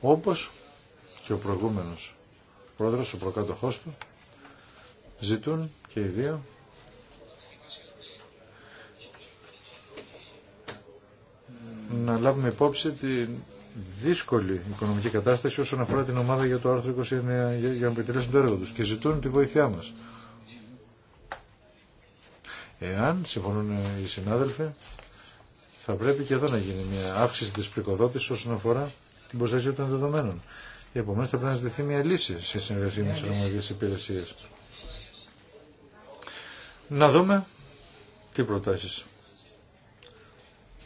όπω και ο προηγούμενο πρόεδρο, ο προκάτοχό του, ζητούν και οι δύο να λάβουμε υπόψη την δύσκολη οικονομική κατάσταση όσον αφορά την ομάδα για το άρθρο 29 για να επιτελέσουν το έργο τους και ζητούν τη βοήθειά μας. Εάν συμφωνούν οι συνάδελφοι, θα πρέπει και εδώ να γίνει μια αύξηση της πρικοδότησης όσον αφορά την προστασία των δεδομένων. Επομένως θα πρέπει να ζητηθεί μια λύση σε συνεργασία με τις αρμοδίες υπηρεσίες. Να δούμε τι προτάσεις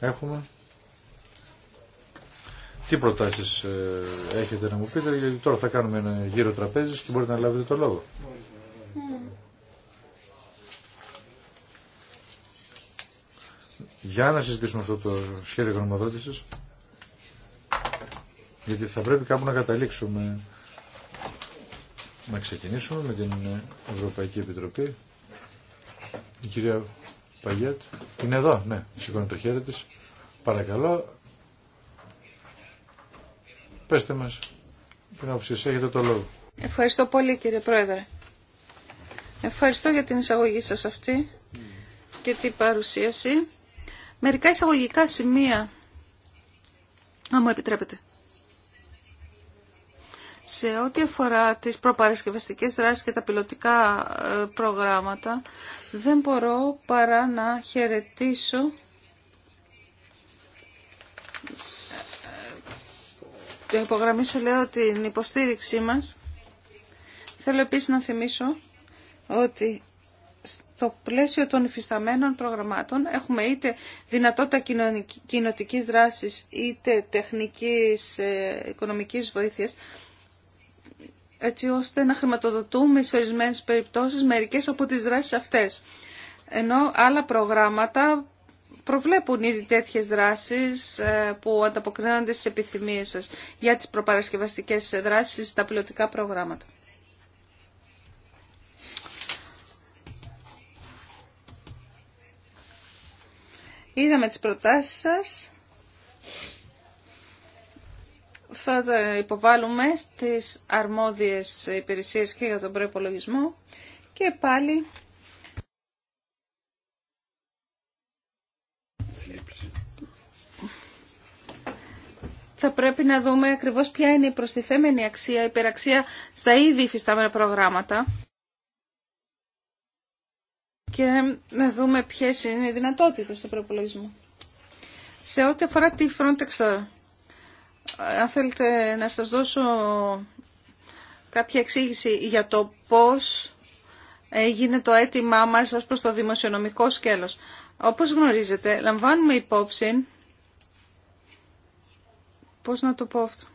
έχουμε τι προτάσεις ε, έχετε να μου πείτε, γιατί τώρα θα κάνουμε ένα γύρο τραπέζι και μπορείτε να λάβετε το λόγο. Για να συζητήσουμε αυτό το σχέδιο γνωμοδότησης, γιατί θα πρέπει κάπου να καταλήξουμε να ξεκινήσουμε με την Ευρωπαϊκή Επιτροπή. Η κυρία Παγιέτ είναι εδώ, ναι, σηκώνει το χέρι της. Παρακαλώ, Πέστε μα την άποψη, έχετε το λόγο. Ευχαριστώ πολύ κύριε Πρόεδρε. Ευχαριστώ για την εισαγωγή σας αυτή και την παρουσίαση. Μερικά εισαγωγικά σημεία, αν μου επιτρέπετε. Σε ό,τι αφορά τις προπαρασκευαστικές δράσεις και τα πιλωτικά ε, προγράμματα, δεν μπορώ παρά να χαιρετήσω το υπογραμμίσω λέω την υποστήριξή μας. Θέλω επίσης να θυμίσω ότι στο πλαίσιο των υφισταμένων προγραμμάτων έχουμε είτε δυνατότητα κοινοτικής δράσης είτε τεχνικής ε, οικονομικής βοήθειας έτσι ώστε να χρηματοδοτούμε σε ορισμένες περιπτώσεις μερικές από τις δράσεις αυτές. Ενώ άλλα προγράμματα προβλέπουν ήδη τέτοιες δράσεις ε, που ανταποκρίνονται στι επιθυμίες σας για τις προπαρασκευαστικές δράσεις στα πιλωτικά προγράμματα. Είδαμε τις προτάσεις σας. Θα τα υποβάλουμε στις αρμόδιες υπηρεσίες και για τον προϋπολογισμό. Και πάλι θα πρέπει να δούμε ακριβώς ποια είναι η προστιθέμενη αξία, η υπεραξία στα ήδη υφιστάμενα προγράμματα και να δούμε ποιες είναι οι δυνατότητες του προπολογισμού. Σε ό,τι αφορά τη Frontex, αν θέλετε να σας δώσω κάποια εξήγηση για το πώς έγινε το αίτημά μας ως προς το δημοσιονομικό σκέλος. Όπως γνωρίζετε, λαμβάνουμε υπόψη πώς να το πω αυτό.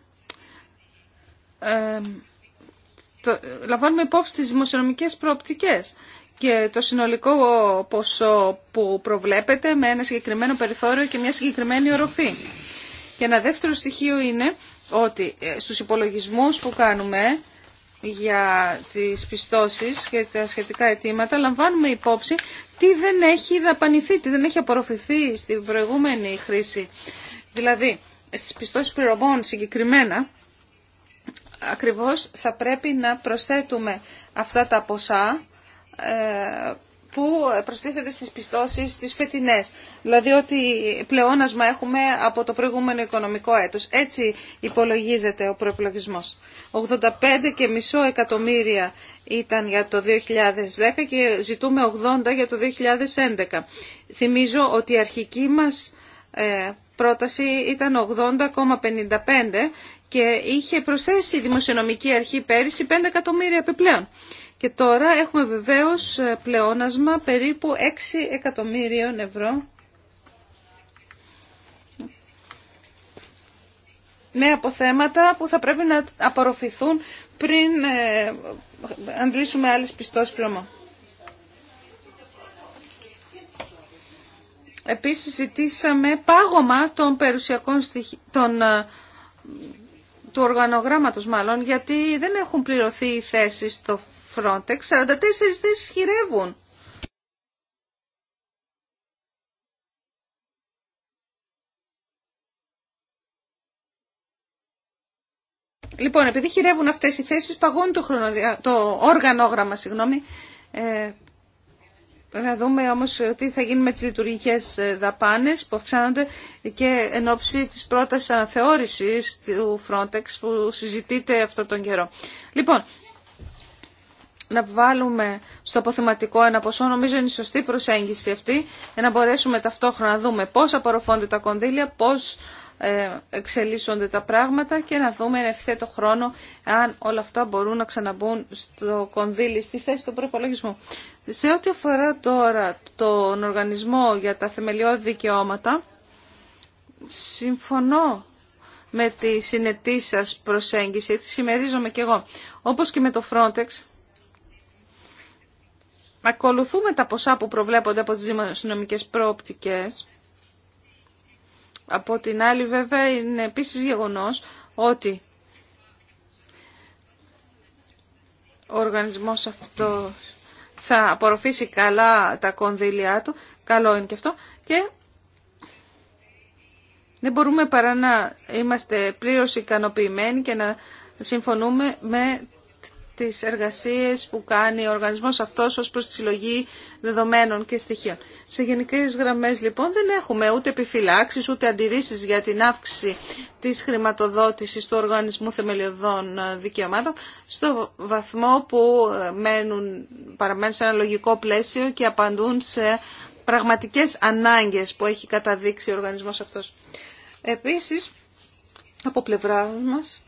Ε, λαμβάνουμε υπόψη τις δημοσιονομικές προοπτικές και το συνολικό ποσό που προβλέπεται με ένα συγκεκριμένο περιθώριο και μια συγκεκριμένη οροφή. Και ένα δεύτερο στοιχείο είναι ότι ε, στους υπολογισμούς που κάνουμε για τις πιστώσεις και τα σχετικά αιτήματα λαμβάνουμε υπόψη τι δεν έχει δαπανηθεί, τι δεν έχει απορροφηθεί στην προηγούμενη χρήση. Δηλαδή, στις πιστώσεις πληρωμών συγκεκριμένα, ακριβώς θα πρέπει να προσθέτουμε αυτά τα ποσά ε, που προστίθεται στις πιστώσεις στις φετινές. Δηλαδή ότι πλεόνασμα έχουμε από το προηγούμενο οικονομικό έτος. Έτσι υπολογίζεται ο προεπλογισμός. 85 και εκατομμύρια ήταν για το 2010 και ζητούμε 80 για το 2011. Θυμίζω ότι η αρχική μας ε, πρόταση ήταν 80,55 και είχε προσθέσει η Δημοσιονομική Αρχή πέρυσι 5 εκατομμύρια επιπλέον. Και τώρα έχουμε βεβαίως ε, πλεόνασμα περίπου 6 εκατομμύριων ευρώ με αποθέματα που θα πρέπει να απορροφηθούν πριν ε, αντλήσουμε άλλες πιστώσεις πληρωμών. Επίσης ζητήσαμε πάγωμα των περιουσιακών στοιχείων, ε, του οργανογράμματος μάλλον, γιατί δεν έχουν πληρωθεί οι θέσεις στο Frontex. 44 θέσεις χειρεύουν. Λοιπόν, επειδή χειρεύουν αυτές οι θέσεις, παγώνει το, το οργανόγραμμα, συγγνώμη, ε, να δούμε όμως ε, τι θα γίνει με τις λειτουργικέ ε, δαπάνες που αυξάνονται και εν ώψη της πρώτας αναθεώρησης του Frontex που συζητείται αυτόν τον καιρό. Λοιπόν, να βάλουμε στο αποθεματικό ένα ποσό, νομίζω είναι η σωστή προσέγγιση αυτή, για να μπορέσουμε ταυτόχρονα να δούμε πώ απορροφώνται τα κονδύλια, πώς ε, εξελίσσονται τα πράγματα και να δούμε εν ευθέτω χρόνο αν όλα αυτά μπορούν να ξαναμπούν στο κονδύλι στη θέση του προπολογισμού. Σε ό,τι αφορά τώρα τον Οργανισμό για τα Θεμελιώδη Δικαιώματα, συμφωνώ με τη συνετή σας προσέγγιση, τη συμμερίζομαι και εγώ, όπως και με το Frontex, ακολουθούμε τα ποσά που προβλέπονται από τις δημοσιονομικές προοπτικές. Από την άλλη βέβαια είναι επίσης γεγονός ότι ο οργανισμός αυτός θα απορροφήσει καλά τα κονδύλια του, καλό είναι και αυτό, και δεν μπορούμε παρά να είμαστε πλήρως ικανοποιημένοι και να συμφωνούμε με τις εργασίες που κάνει ο οργανισμός αυτός ως προς τη συλλογή δεδομένων και στοιχείων. Σε γενικές γραμμές λοιπόν δεν έχουμε ούτε επιφυλάξεις ούτε αντιρρήσεις για την αύξηση της χρηματοδότησης του Οργανισμού Θεμελιωδών Δικαιωμάτων στο βαθμό που ε, μένουν, παραμένουν σε ένα λογικό πλαίσιο και απαντούν σε πραγματικές ανάγκες που έχει καταδείξει ο οργανισμός αυτός. Επίσης, από πλευρά μας,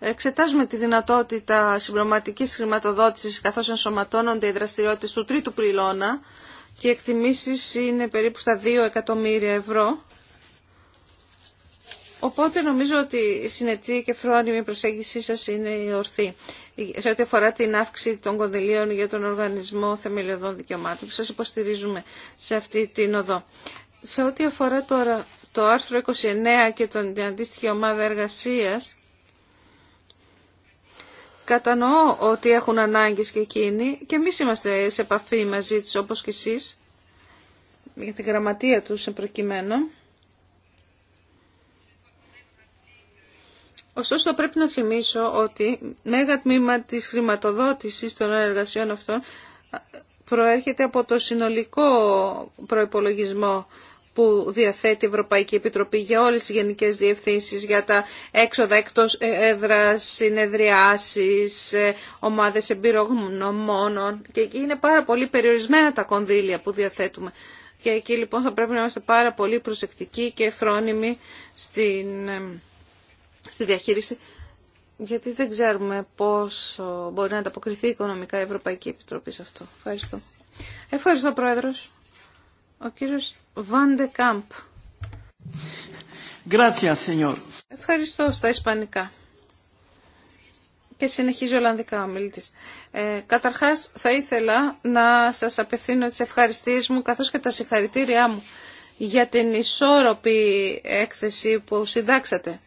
Εξετάζουμε τη δυνατότητα συμπληρωματικής χρηματοδότησης καθώς ενσωματώνονται οι δραστηριότητες του τρίτου πυλώνα και οι εκτιμήσεις είναι περίπου στα 2 εκατομμύρια ευρώ. Οπότε νομίζω ότι η συνετή και φρόνιμη προσέγγιση σας είναι η ορθή σε ό,τι αφορά την αύξηση των κονδυλίων για τον Οργανισμό Θεμελιωδών Δικαιωμάτων. Σας υποστηρίζουμε σε αυτή την οδό. Σε ό,τι αφορά τώρα το άρθρο 29 και την αντίστοιχη ομάδα εργασίας, Κατανοώ ότι έχουν ανάγκες και εκείνοι και εμείς είμαστε σε επαφή μαζί τους όπως και εσείς για τη γραμματεία τους προκειμένο. Ωστόσο, πρέπει να θυμίσω ότι μέγα τμήμα της χρηματοδότησης των εργασιών αυτών προέρχεται από το συνολικό προϋπολογισμό που διαθέτει η Ευρωπαϊκή Επιτροπή για όλες τις γενικές διευθύνσεις, για τα έξοδα εκτός ε, έδρας, συνεδριάσεις, ε, ομάδες εμπειρογνωμόνων και εκεί είναι πάρα πολύ περιορισμένα τα κονδύλια που διαθέτουμε. Και εκεί λοιπόν θα πρέπει να είμαστε πάρα πολύ προσεκτικοί και φρόνιμοι στην, ε, στη διαχείριση γιατί δεν ξέρουμε πώς μπορεί να ανταποκριθεί οικονομικά η Ευρωπαϊκή Επιτροπή σε αυτό. Ευχαριστώ. Ευχαριστώ Πρόεδρος. Ο κύριος Ευχαριστώ στα ισπανικά. Και συνεχίζει Ολλανδικά ο Ε, καταρχάς θα ήθελα να σας απευθύνω τι ευχαριστίες μου καθώς και τα συγχαρητήριά μου για την ισόρροπη έκθεση που συντάξατε.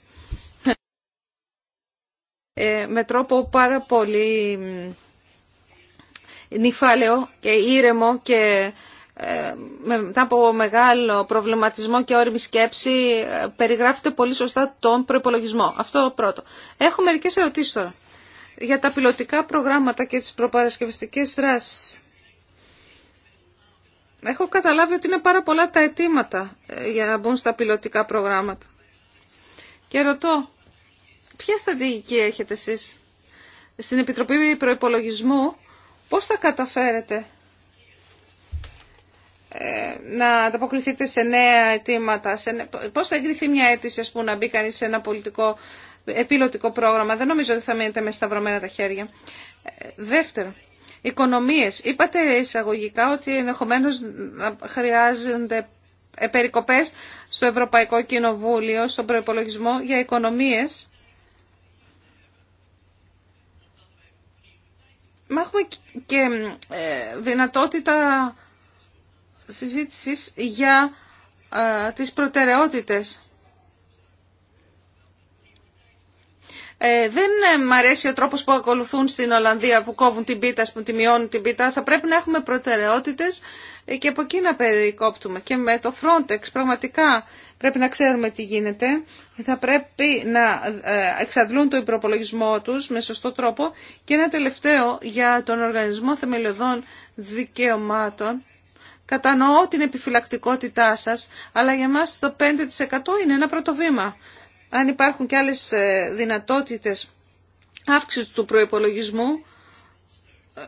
Ε, με τρόπο πάρα πολύ νυφάλαιο και ήρεμο και μετά από μεγάλο προβληματισμό και όρημη σκέψη ε, περιγράφεται πολύ σωστά τον προπολογισμό. Αυτό πρώτο. Έχω μερικές ερωτήσεις τώρα για τα πιλωτικά προγράμματα και τις προπαρασκευαστικές δράσεις. Έχω καταλάβει ότι είναι πάρα πολλά τα αιτήματα ε, για να μπουν στα πιλωτικά προγράμματα. Και ρωτώ, ποια στρατηγική έχετε εσείς στην Επιτροπή Προϋπολογισμού, πώς θα καταφέρετε ε, να ανταποκριθείτε σε νέα αιτήματα. Σε... Πώς θα εγκριθεί μια αίτηση, ας πούμε, να μπει κανείς σε ένα πολιτικό επίλωτικο πρόγραμμα. Δεν νομίζω ότι θα μείνετε με σταυρωμένα τα χέρια. Ε, δεύτερο, οικονομίες. Είπατε εισαγωγικά ότι ενδεχομένω χρειάζονται ε, περικοπές στο Ευρωπαϊκό Κοινοβούλιο, στον προϋπολογισμό για οικονομίες. Μα έχουμε και δυνατότητα συζήτησης για ε, τις προτεραιότητες. Ε, δεν ε, μ' αρέσει ο τρόπος που ακολουθούν στην Ολλανδία που κόβουν την πίτα, που τη μειώνουν την πίτα. Θα πρέπει να έχουμε προτεραιότητες ε, και από εκεί να περικόπτουμε. Και με το Frontex πραγματικά πρέπει να ξέρουμε τι γίνεται. Θα πρέπει να ε, εξαντλούν το υπροπολογισμό τους με σωστό τρόπο. Και ένα τελευταίο για τον Οργανισμό Θεμελιωδών Δικαιωμάτων. Κατανοώ την επιφυλακτικότητά σας, αλλά για μας το 5% είναι ένα πρώτο βήμα. Αν υπάρχουν και άλλες ε, δυνατότητες αύξησης του προϋπολογισμού,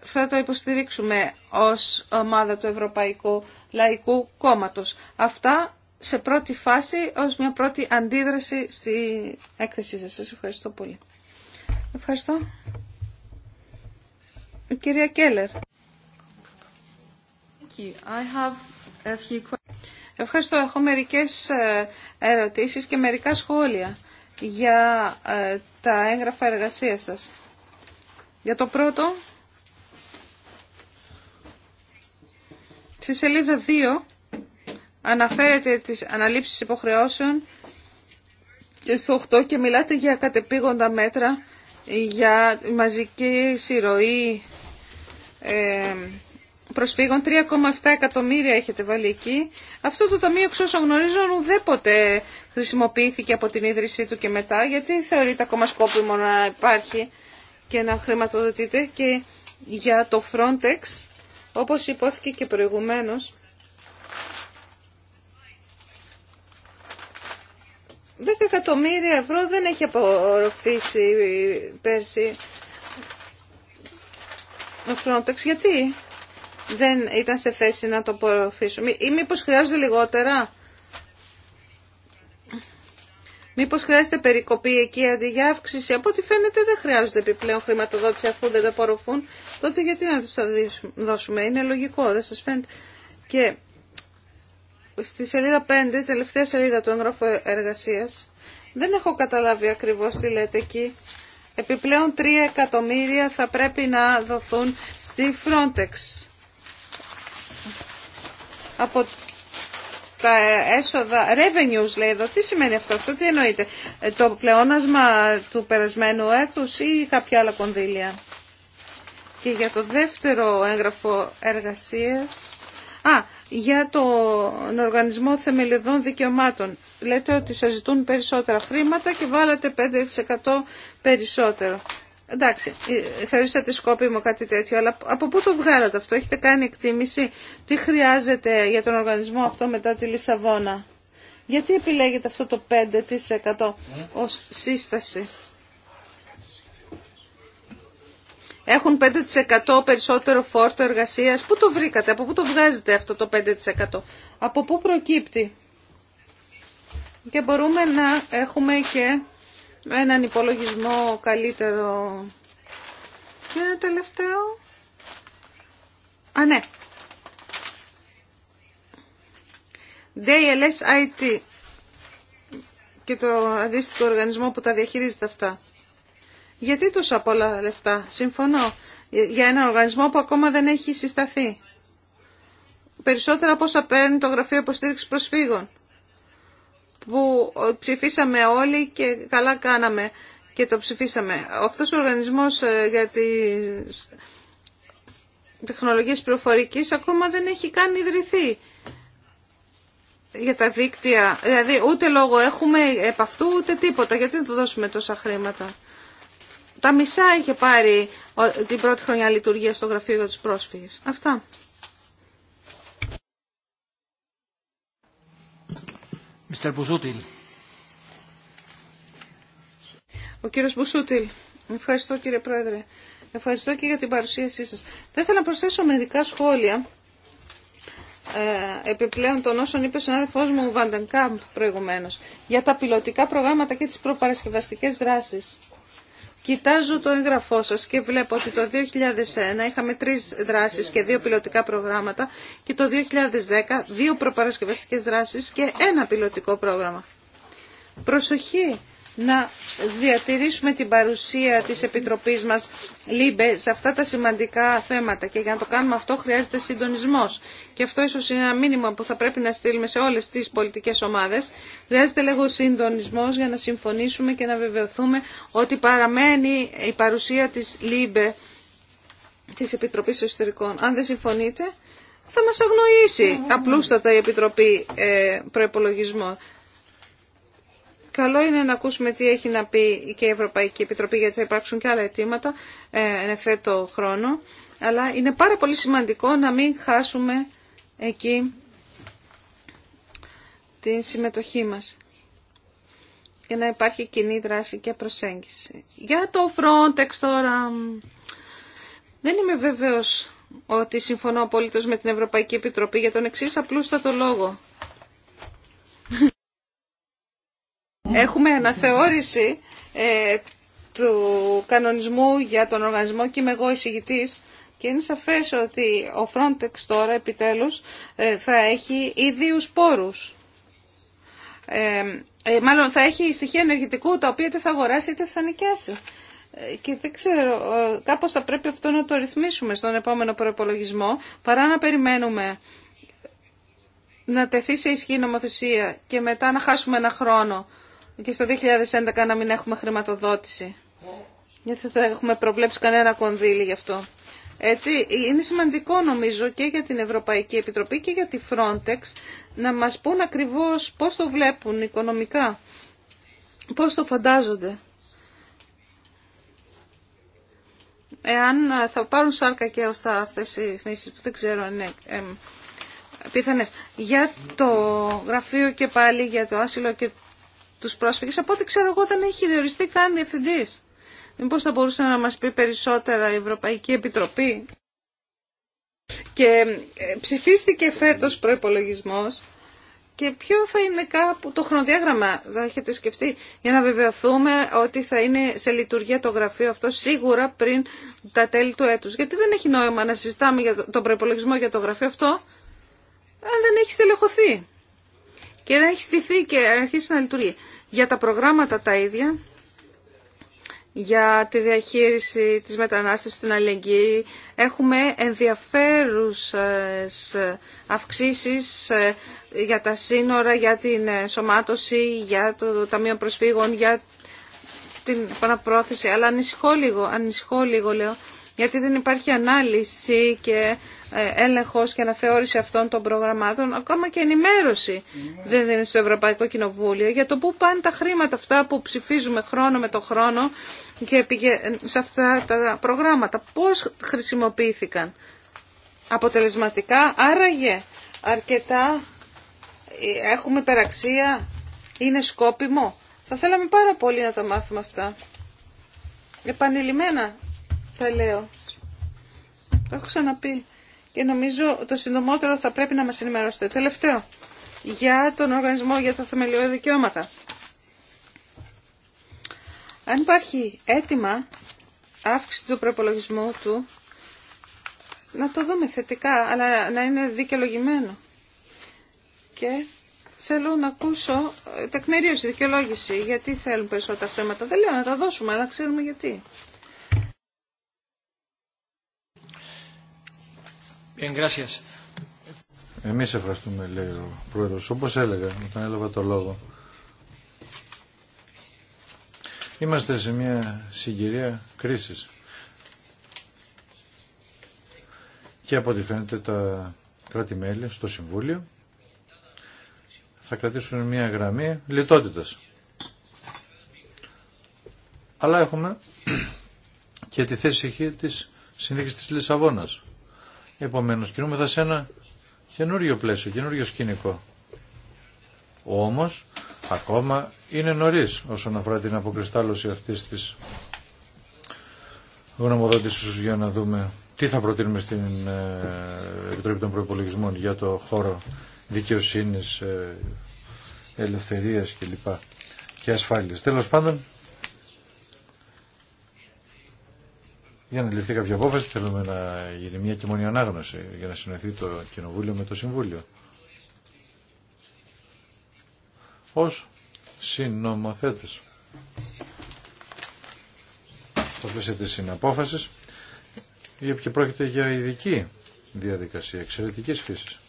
θα το υποστηρίξουμε ως ομάδα του Ευρωπαϊκού Λαϊκού Κόμματος. Αυτά σε πρώτη φάση ως μια πρώτη αντίδραση στη έκθεσή σας. Σας ευχαριστώ πολύ. Ευχαριστώ. κυρία Κέλλερ. Ευχαριστώ. Έχω μερικές ε, ερωτήσεις και μερικά σχόλια για ε, τα έγγραφα εργασία σας. Για το πρώτο, στη σελίδα 2 αναφέρετε τις αναλήψεις υποχρεώσεων και στο 8 και μιλάτε για κατεπήγοντα μέτρα για μαζική συρροή ε, προσφύγων, 3,7 εκατομμύρια έχετε βάλει εκεί. Αυτό το ταμείο, εξ όσων γνωρίζω, ουδέποτε χρησιμοποιήθηκε από την ίδρυσή του και μετά, γιατί θεωρείται ακόμα σκόπιμο να υπάρχει και να χρηματοδοτείται. Και για το Frontex, όπως υπόθηκε και προηγουμένως, Δέκα εκατομμύρια ευρώ δεν έχει απορροφήσει πέρσι ο Frontex. Γιατί? δεν ήταν σε θέση να το απορροφήσουν. Ή μήπω χρειάζονται λιγότερα. Μήπω χρειάζεται περικοπή εκεί αντί για αύξηση. Από ό,τι φαίνεται δεν χρειάζονται επιπλέον χρηματοδότηση αφού δεν τα απορροφούν. Τότε γιατί να του τα δώσουμε. Είναι λογικό, δεν σα φαίνεται. Και στη σελίδα 5, τελευταία σελίδα του έγγραφου εργασία, δεν έχω καταλάβει ακριβώ, τι λέτε εκεί. Επιπλέον 3 εκατομμύρια θα πρέπει να δοθούν στη Frontex από τα έσοδα, revenues λέει εδώ, τι σημαίνει αυτό, αυτό τι εννοείται, ε, το πλεόνασμα του περασμένου έτους ή κάποια άλλα κονδύλια. Και για το δεύτερο έγγραφο εργασίας, α, για τον Οργανισμό θεμελιδών Δικαιωμάτων. Λέτε ότι σας ζητούν περισσότερα χρήματα και βάλατε 5% περισσότερο. Εντάξει, ε, θεωρήσατε σκόπιμο κάτι τέτοιο, αλλά από πού το βγάλατε αυτό, έχετε κάνει εκτίμηση, τι χρειάζεται για τον οργανισμό αυτό μετά τη Λισαβόνα. Γιατί επιλέγετε αυτό το 5% ε. ως σύσταση. Έχουν 5% περισσότερο φόρτο εργασίας. Πού το βρήκατε, από πού το βγάζετε αυτό το 5%. Από πού προκύπτει. Και μπορούμε να έχουμε και με έναν υπολογισμό καλύτερο. Και ένα τελευταίο. Α, ναι. DLS IT και το αντίστοιχο οργανισμό που τα διαχειρίζεται αυτά. Γιατί τόσα πολλά λεφτά, συμφωνώ, για έναν οργανισμό που ακόμα δεν έχει συσταθεί. Περισσότερα από παίρνει το Γραφείο υποστήριξη Προσφύγων που ψηφίσαμε όλοι και καλά κάναμε και το ψηφίσαμε. Αυτός ο οργανισμός ε, για τις τεχνολογίες πληροφορικής ακόμα δεν έχει καν ιδρυθεί για τα δίκτυα. Δηλαδή ούτε λόγο έχουμε επ' αυτού ούτε τίποτα. Γιατί δεν του δώσουμε τόσα χρήματα. Τα μισά είχε πάρει την πρώτη χρονιά λειτουργία στο γραφείο για τους πρόσφυγες. Αυτά. Ο κύριος Μπουσούτιλ. Ευχαριστώ κύριε Πρόεδρε. Ευχαριστώ και για την παρουσίασή σας. Θα ήθελα να προσθέσω μερικά σχόλια ε, επιπλέον των όσων είπε ο συνάδελφός μου Κάμπ προηγουμένως για τα πιλωτικά προγράμματα και τις προπαρασκευαστικές δράσεις. Κοιτάζω το έγγραφό σας και βλέπω ότι το 2001 είχαμε τρεις δράσεις και δύο πιλωτικά προγράμματα και το 2010 δύο προπαρασκευαστικές δράσεις και ένα πιλωτικό πρόγραμμα. Προσοχή! να διατηρήσουμε την παρουσία της Επιτροπής μας ΛΥΜΠΕ σε αυτά τα σημαντικά θέματα και για να το κάνουμε αυτό χρειάζεται συντονισμός και αυτό ίσως είναι ένα μήνυμα που θα πρέπει να στείλουμε σε όλες τις πολιτικές ομάδες χρειάζεται λίγο συντονισμός για να συμφωνήσουμε και να βεβαιωθούμε ότι παραμένει η παρουσία της ΛΥΜΠΕ της Επιτροπής Εσωτερικών αν δεν συμφωνείτε θα μας αγνοήσει απλούστατα η Επιτροπή ε, Καλό είναι να ακούσουμε τι έχει να πει και η Ευρωπαϊκή Επιτροπή γιατί θα υπάρξουν και άλλα αιτήματα ε, εν ευθέτω χρόνο. Αλλά είναι πάρα πολύ σημαντικό να μην χάσουμε εκεί την συμμετοχή μας και να υπάρχει κοινή δράση και προσέγγιση. Για το Frontex τώρα δεν είμαι βεβαίως ότι συμφωνώ απολύτως με την Ευρωπαϊκή Επιτροπή για τον εξής απλούστατο λόγο. Έχουμε αναθεώρηση ε, του κανονισμού για τον οργανισμό και είμαι εγώ εισηγητής και είναι σαφές ότι ο Frontex τώρα επιτέλους ε, θα έχει ιδίους πόρους. Ε, ε, μάλλον θα έχει στοιχεία ενεργητικού τα οποία είτε θα αγοράσει είτε θα νοικιάσει. Ε, και δεν ξέρω, κάπως θα πρέπει αυτό να το ρυθμίσουμε στον επόμενο προπολογισμό, παρά να περιμένουμε να τεθεί σε ισχύ νομοθεσία και μετά να χάσουμε ένα χρόνο και στο 2011 να μην έχουμε χρηματοδότηση. Γιατί δεν θα έχουμε προβλέψει κανένα κονδύλι γι' αυτό. Έτσι, είναι σημαντικό νομίζω και για την Ευρωπαϊκή Επιτροπή και για τη Frontex να μας πούν ακριβώς πώς το βλέπουν οικονομικά, πώς το φαντάζονται. Εάν θα πάρουν σάρκα και ως τα αυτές οι θνήσεις που δεν ξέρω είναι ε, πιθανές. Για το γραφείο και πάλι για το άσυλο και τους πρόσφυγες. Από ό,τι ξέρω εγώ δεν έχει διοριστεί καν διευθυντής. Μήπως θα μπορούσε να μας πει περισσότερα η Ευρωπαϊκή Επιτροπή. Και ε, ψηφίστηκε φέτος προϋπολογισμός και ποιο θα είναι κάπου το χρονοδιάγραμμα, θα έχετε σκεφτεί, για να βεβαιωθούμε ότι θα είναι σε λειτουργία το γραφείο αυτό σίγουρα πριν τα τέλη του έτους. Γιατί δεν έχει νόημα να συζητάμε για τον προϋπολογισμό για το γραφείο αυτό, αν δεν έχει στελεχωθεί και δεν έχει στηθεί και αρχίσει να λειτουργεί. Για τα προγράμματα τα ίδια, για τη διαχείριση της μετανάστευσης στην αλληλεγγύη, έχουμε ενδιαφέρουσες αυξήσεις ε, για τα σύνορα, για την σωμάτωση, για το Ταμείο Προσφύγων, για την επαναπρόθεση, αλλά ανησυχώ λίγο, ανησυχώ λίγο λέω, γιατί δεν υπάρχει ανάλυση και ε, έλεγχος και αναθεώρηση αυτών των προγραμμάτων, ακόμα και ενημέρωση δεν δίνει στο Ευρωπαϊκό Κοινοβούλιο για το πού πάνε τα χρήματα αυτά που ψηφίζουμε χρόνο με το χρόνο και σε αυτά τα προγράμματα. Πώς χρησιμοποιήθηκαν αποτελεσματικά, άραγε αρκετά, ε, έχουμε υπεραξία είναι σκόπιμο. Θα θέλαμε πάρα πολύ να τα μάθουμε αυτά. Επανειλημμένα θα λέω. Το έχω ξαναπεί και νομίζω το συντομότερο θα πρέπει να μας ενημερώσετε. Τελευταίο, για τον Οργανισμό για τα Θεμελιώδη Δικαιώματα. Αν υπάρχει αίτημα αύξηση του προπολογισμού του, να το δούμε θετικά, αλλά να είναι δικαιολογημένο. Και θέλω να ακούσω ε, τεκμηρίωση, δικαιολόγηση, γιατί θέλουν περισσότερα θέματα. Δεν λέω να τα δώσουμε, αλλά ξέρουμε γιατί. Εμείς ευχαριστούμε, λέει ο Πρόεδρος. Όπως έλεγα, όταν έλαβα το λόγο. Είμαστε σε μια συγκυρία κρίσης. Και από ό,τι φαίνεται τα κράτη-μέλη στο Συμβούλιο θα κρατήσουν μια γραμμή λιτότητας. Αλλά έχουμε και τη θέση της συνθήκης της Λισαβόνας. Επομένως κινούμεθα σε ένα καινούριο πλαίσιο, καινούριο σκηνικό. Όμως ακόμα είναι νωρίς όσον αφορά την αποκριστάλωση αυτής της γνωμοδότησης για να δούμε τι θα προτείνουμε στην ε, Επιτροπή των Προπολογισμών για το χώρο δικαιοσύνης, ε, ελευθερίας κλπ. και ασφάλειας. Τέλος πάντων, για να ληφθεί κάποια απόφαση θέλουμε να γίνει μια και μόνη ανάγνωση για να συνοηθεί το Κοινοβούλιο με το Συμβούλιο. Ως συνομοθέτες. Το πλαίσιο της συναπόφασης και πρόκειται για ειδική διαδικασία εξαιρετικής φύσης.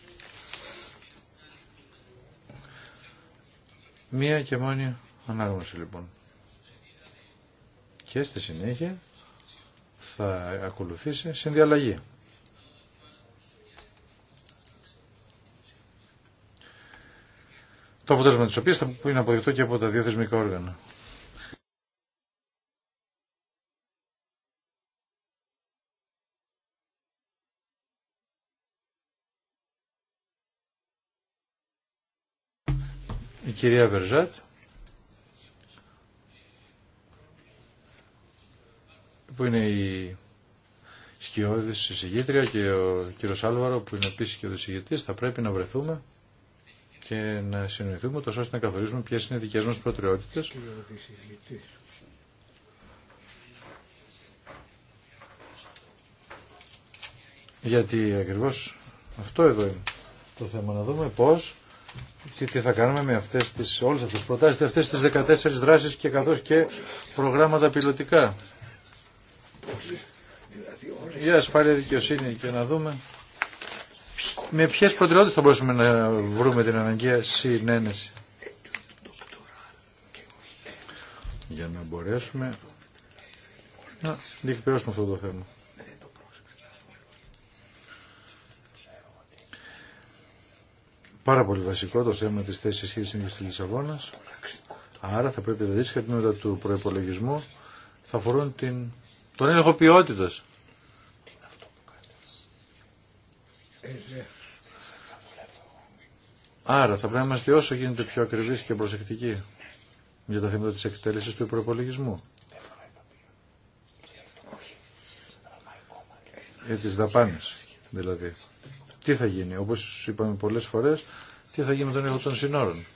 Μία και μόνη ανάγνωση λοιπόν. Και στη συνέχεια θα ακολουθήσει συνδιαλλαγή. Το αποτέλεσμα της οποίας θα είναι αποδεικτό και από τα δύο θεσμικά όργανα. Η κυρία Βερζάτ. που είναι η σκιώδη συγγήτρια και ο κύριος Άλβαρο που είναι επίσης και ο θα πρέπει να βρεθούμε και να συνοηθούμε τόσο ώστε να καθορίσουμε ποιες είναι οι δικές μας προτεραιότητες. Γιατί ακριβώς αυτό εδώ είναι το θέμα. Να δούμε πώς και τι θα κάνουμε με αυτές τις, όλες αυτές τις προτάσεις, αυτές τις 14 δράσεις και καθώς και προγράμματα πιλωτικά για ασφάλεια δικαιοσύνη και να δούμε με ποιες προτεραιότητες θα μπορούσαμε να βρούμε την αναγκαία συνένεση. Για να μπορέσουμε να διεκπαιρώσουμε αυτό το θέμα. Πάρα πολύ βασικό το θέμα της θέσης ισχύης της Λισαβόνας. Άρα θα πρέπει τα δύσκολα τμήματα του προπολογισμού θα αφορούν την... τον έλεγχο ποιότητας Άρα θα πρέπει να είμαστε όσο γίνεται πιο ακριβείς και προσεκτικοί για τα θέματα της εκτέλεσης του προπολογισμού. Για τις δαπάνες, δηλαδή. Τι θα γίνει, όπως είπαμε πολλές φορές, τι θα γίνει με τον έλεγχο των συνόρων.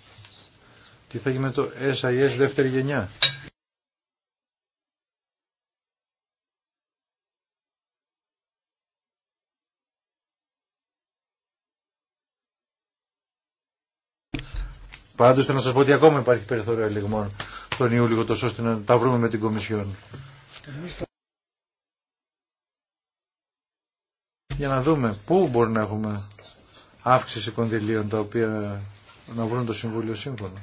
Τι θα γίνει με το SIS δεύτερη γενιά. Πάντω θέλω να σα πω ότι ακόμα υπάρχει περιθώριο ελιγμών τον Ιούλιο τόσο ώστε να τα βρούμε με την Κομισιόν. Για να δούμε πού μπορεί να έχουμε αύξηση κονδυλίων τα οποία να βρουν το Συμβούλιο σύμφωνο.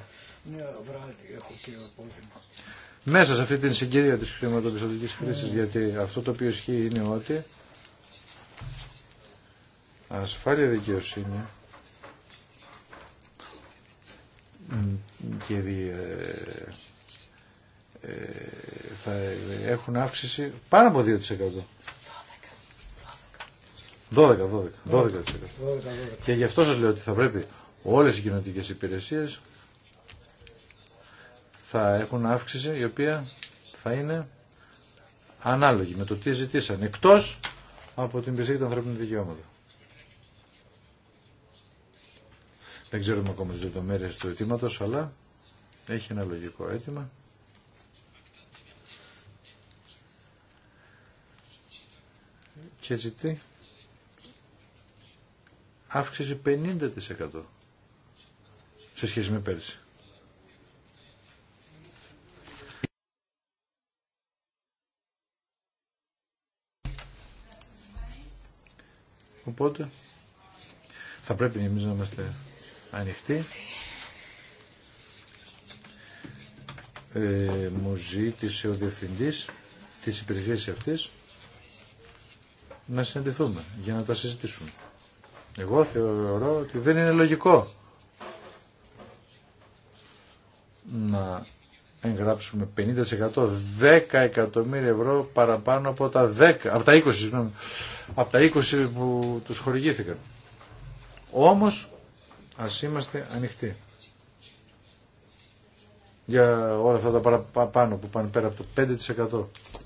Μέσα σε αυτή την συγκυρία της χρηματοπιστωτικής χρήσης γιατί αυτό το οποίο ισχύει είναι ότι ασφάλεια δικαιοσύνη και ε, ε, θα έχουν αύξηση πάνω από 2%. 12, 12, 12%. 12, 12. Και γι' αυτό σας λέω ότι θα πρέπει όλες οι κοινωνικές υπηρεσίες θα έχουν αύξηση η οποία θα είναι ανάλογη με το τι ζητήσαν εκτός από την υπηρεσία και τα ανθρώπινα δικαιώματα. Δεν ξέρουμε ακόμα τι λεπτομέρειε του αιτήματο, αλλά έχει ένα λογικό αίτημα. Και ζητεί αύξηση 50% σε σχέση με πέρσι. Οπότε θα πρέπει εμείς να είμαστε ανοιχτή. Ε, μου ζήτησε ο διευθυντή τη υπηρεσία αυτή να συναντηθούμε για να τα συζητήσουμε. Εγώ θεωρώ ότι δεν είναι λογικό να εγγράψουμε 50% 10 εκατομμύρια ευρώ παραπάνω από τα 10, από τα 20, από τα 20 που τους χορηγήθηκαν. Όμως Ας είμαστε ανοιχτοί για όλα αυτά τα παραπάνω που πάνε πέρα από το 5%.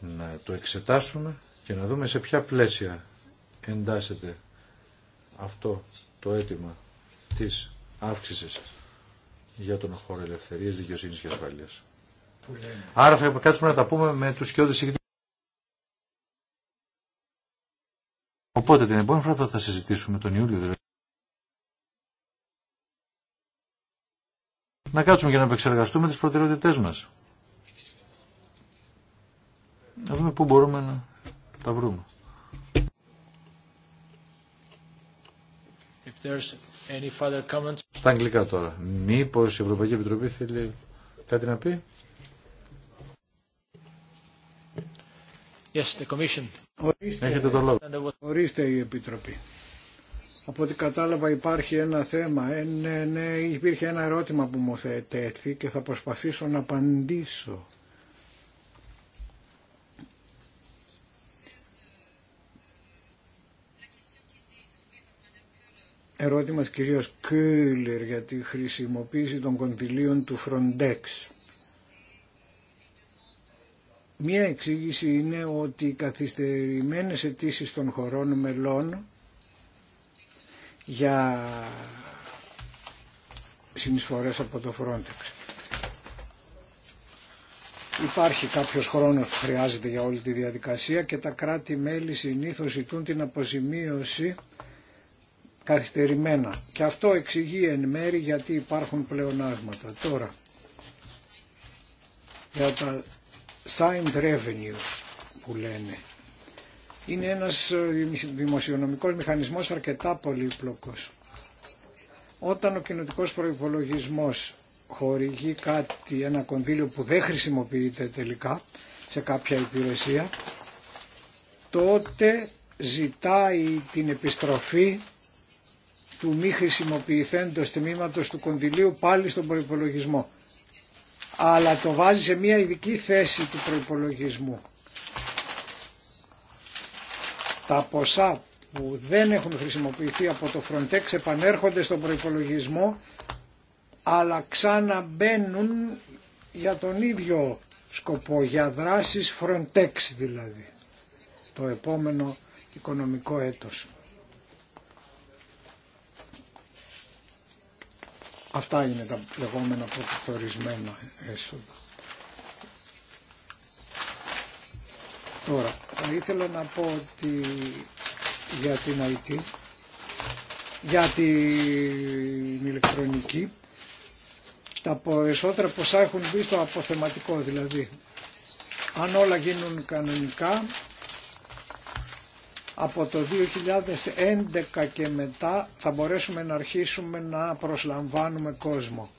Να το εξετάσουμε και να δούμε σε ποια πλαίσια εντάσσεται αυτό το αίτημα της αύξησης για τον χώρο ελευθερίας, δικαιοσύνης και ασφαλείας. Άρα θα κάτσουμε να τα πούμε με τους σκιώδες Οπότε την επόμενη φορά θα συζητήσουμε τον Ιούλιο δηλαδή. Να κάτσουμε και να επεξεργαστούμε τις προτεραιότητές μας. Να δούμε πού μπορούμε να τα βρούμε. comments... Στα αγγλικά τώρα. Μήπως η Ευρωπαϊκή Επιτροπή θέλει κάτι να πει. Yes, the Commission. Ορίστε, Έχετε το λόγο. Ορίστε η Επιτροπή. Από ό,τι κατάλαβα υπάρχει ένα θέμα. Ε, ναι, ναι, υπήρχε ένα ερώτημα που μου θέτει και θα προσπαθήσω να απαντήσω. Ερώτημα κυρίας Κούλερ για τη χρησιμοποίηση των κοντιλίων του Frontex. Μία εξήγηση είναι ότι οι καθυστερημένες αιτήσει των χωρών μελών για συνεισφορές από το Frontex. Υπάρχει κάποιος χρόνος που χρειάζεται για όλη τη διαδικασία και τα κράτη-μέλη συνήθως ζητούν την αποζημίωση καθυστερημένα. Και αυτό εξηγεί εν μέρη γιατί υπάρχουν πλεονάσματα. Τώρα, για τα signed revenue που λένε. Είναι ένας ε, δημοσιονομικός μηχανισμός αρκετά πολύπλοκος. Όταν ο κοινοτικός προϋπολογισμός χορηγεί κάτι, ένα κονδύλιο που δεν χρησιμοποιείται τελικά σε κάποια υπηρεσία, τότε ζητάει την επιστροφή του μη χρησιμοποιηθέντος τμήματος του κονδυλίου πάλι στον προϋπολογισμό αλλά το βάζει σε μια ειδική θέση του προϋπολογισμού. Τα ποσά που δεν έχουν χρησιμοποιηθεί από το Frontex επανέρχονται στον προϋπολογισμό αλλά ξαναμπαίνουν για τον ίδιο σκοπό, για δράσεις Frontex δηλαδή, το επόμενο οικονομικό έτος. Αυτά είναι τα λεγόμενα προκαθορισμένα έσοδα. Τώρα, θα ήθελα να πω ότι για την IT, για την ηλεκτρονική, τα περισσότερα ποσά έχουν μπει στο αποθεματικό δηλαδή. Αν όλα γίνουν κανονικά, από το 2011 και μετά θα μπορέσουμε να αρχίσουμε να προσλαμβάνουμε κόσμο.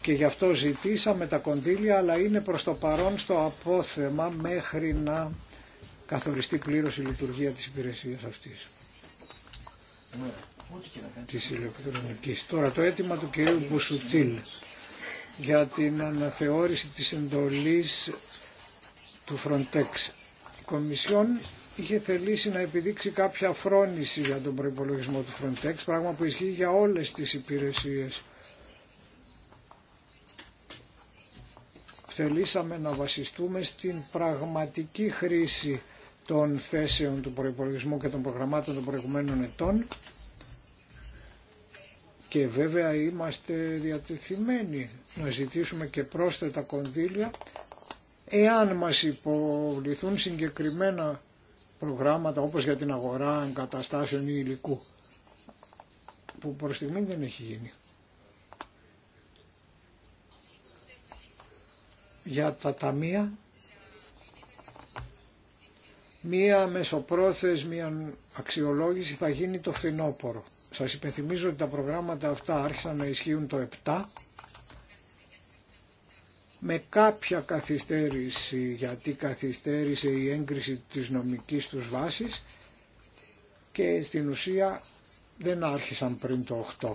Και γι' αυτό ζητήσαμε τα κονδύλια, αλλά είναι προς το παρόν στο απόθεμα μέχρι να καθοριστεί πλήρως η λειτουργία της υπηρεσίας αυτής. Της ηλεκτρονικής. Τώρα το αίτημα του κυρίου Μπουσουτήλ για την αναθεώρηση της εντολής του Frontex. Η είχε θελήσει να επιδείξει κάποια φρόνηση για τον προϋπολογισμό του Frontex, πράγμα που ισχύει για όλες τις υπηρεσίες. Θελήσαμε να βασιστούμε στην πραγματική χρήση των θέσεων του προϋπολογισμού και των προγραμμάτων των προηγουμένων ετών και βέβαια είμαστε διατεθειμένοι να ζητήσουμε και πρόσθετα κονδύλια εάν μας υποβληθούν συγκεκριμένα προγράμματα όπως για την αγορά εγκαταστάσεων ή υλικού που προς στιγμή δεν έχει γίνει. Για τα ταμεία μία μεσοπρόθεσμη αξιολόγηση θα γίνει το φθινόπωρο. Σας υπενθυμίζω ότι τα προγράμματα αυτά άρχισαν να ισχύουν το 7 με κάποια καθυστέρηση γιατί καθυστέρησε η έγκριση της νομικής τους βάσης και στην ουσία δεν άρχισαν πριν το 8.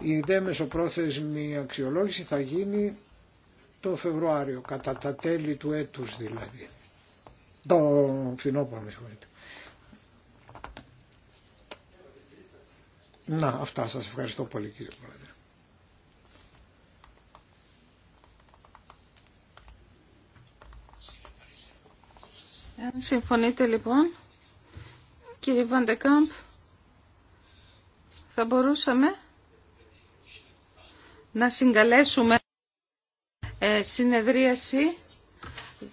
Η δε μεσοπρόθεσμη αξιολόγηση θα γίνει το Φεβρουάριο, κατά τα τέλη του έτους δηλαδή. Το φθινόπωρο με συγχωρείτε. Να, αυτά σας ευχαριστώ πολύ κύριε Πρόεδρε. Αν συμφωνείτε λοιπόν, κύριε Βαντεκάμπ, θα μπορούσαμε να συγκαλέσουμε ε, συνεδρίαση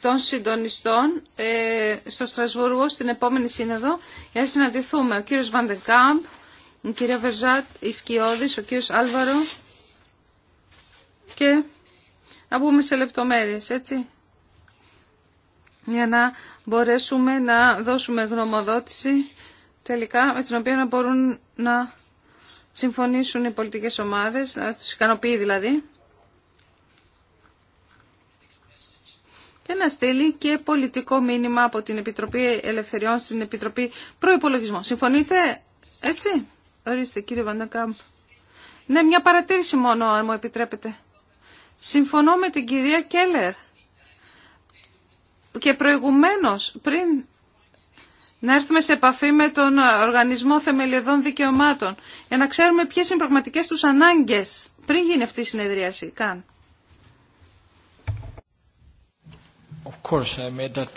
των συντονιστών ε, στο Στρασβούργο στην επόμενη σύνοδο για να συναντηθούμε ο κύριος Βαντεκάμπ, η κυρία Βερζάτ, η ο κύριος Άλβαρο και να πούμε σε λεπτομέρειες, έτσι για να μπορέσουμε να δώσουμε γνωμοδότηση τελικά με την οποία να μπορούν να συμφωνήσουν οι πολιτικές ομάδες, να τους ικανοποιεί δηλαδή. και να στείλει και πολιτικό μήνυμα από την Επιτροπή Ελευθεριών στην Επιτροπή Προϋπολογισμών. Συμφωνείτε έτσι. Ορίστε κύριε Βαντακάμπ. Ναι, μια παρατήρηση μόνο αν μου επιτρέπετε. Συμφωνώ με την κυρία Κέλλερ και προηγουμένως πριν να έρθουμε σε επαφή με τον Οργανισμό Θεμελιωδών Δικαιωμάτων για να ξέρουμε ποιες είναι πραγματικές τους ανάγκες πριν γίνει αυτή η συνεδρίαση. Καν. Of course, I made that...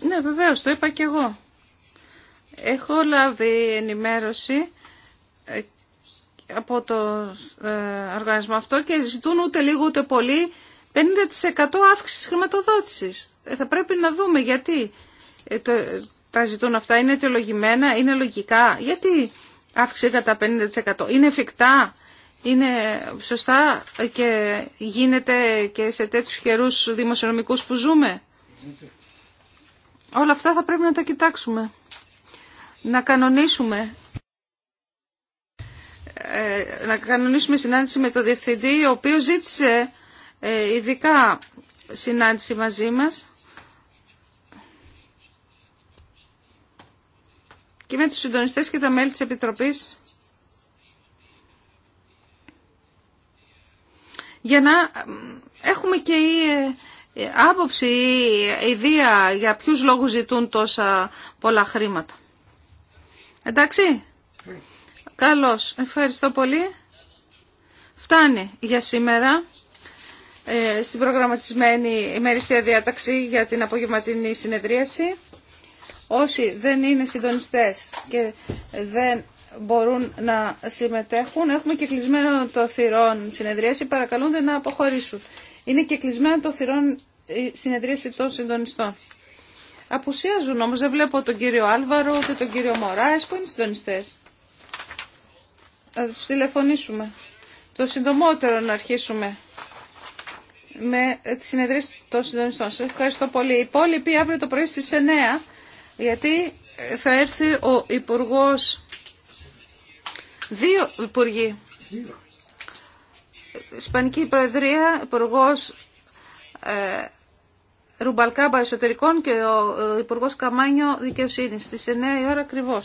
Ναι, βεβαίως, το είπα και εγώ. Έχω λάβει ενημέρωση ε, από το ε, οργανισμό αυτό και ζητούν ούτε λίγο ούτε πολύ 50% αύξηση χρηματοδότησης. Ε, θα πρέπει να δούμε γιατί ε, τα ζητούν αυτά. Είναι αιτιολογημένα, είναι λογικά. Γιατί αύξησε κατά 50%. Είναι εφικτά, είναι σωστά και γίνεται και σε τέτοιους καιρούς δημοσιονομικούς που ζούμε. Όλα αυτά θα πρέπει να τα κοιτάξουμε. Να κανονίσουμε ε, να κανονίσουμε συνάντηση με τον Διευθυντή, ο οποίος ζήτησε ειδικά συνάντηση μαζί μας και με τους συντονιστές και τα μέλη της Επιτροπής για να έχουμε και η ε, ε, άποψη, η ιδέα για ποιους λόγους ζητούν τόσα πολλά χρήματα. Εντάξει. Καλώς. Ευχαριστώ πολύ. Φτάνει για σήμερα ε, στην προγραμματισμένη ημερησία διάταξη για την απογευματινή συνεδρίαση. Όσοι δεν είναι συντονιστές και δεν μπορούν να συμμετέχουν, έχουμε και κλεισμένο το θυρών συνεδρίαση, παρακαλούνται να αποχωρήσουν. Είναι και κλεισμένο το θυρών συνεδρίαση των συντονιστών. Απουσιάζουν όμως, δεν βλέπω τον κύριο Άλβαρο, ούτε τον κύριο Μωράες, που είναι συντονιστές. Θα τους τηλεφωνήσουμε. Το συντομότερο να αρχίσουμε με τη συνεδρίαση των συντονιστών. Σας ευχαριστώ πολύ. Οι υπόλοιποι αύριο το πρωί στις 9 γιατί θα έρθει ο Υπουργός, δύο Υπουργοί, Ισπανική Προεδρία, Υπουργό ε, Ρουμπαλκάμπα Εσωτερικών και ο Υπουργό Καμάνιο Δικαιοσύνης, στις 9 η ώρα ακριβώ.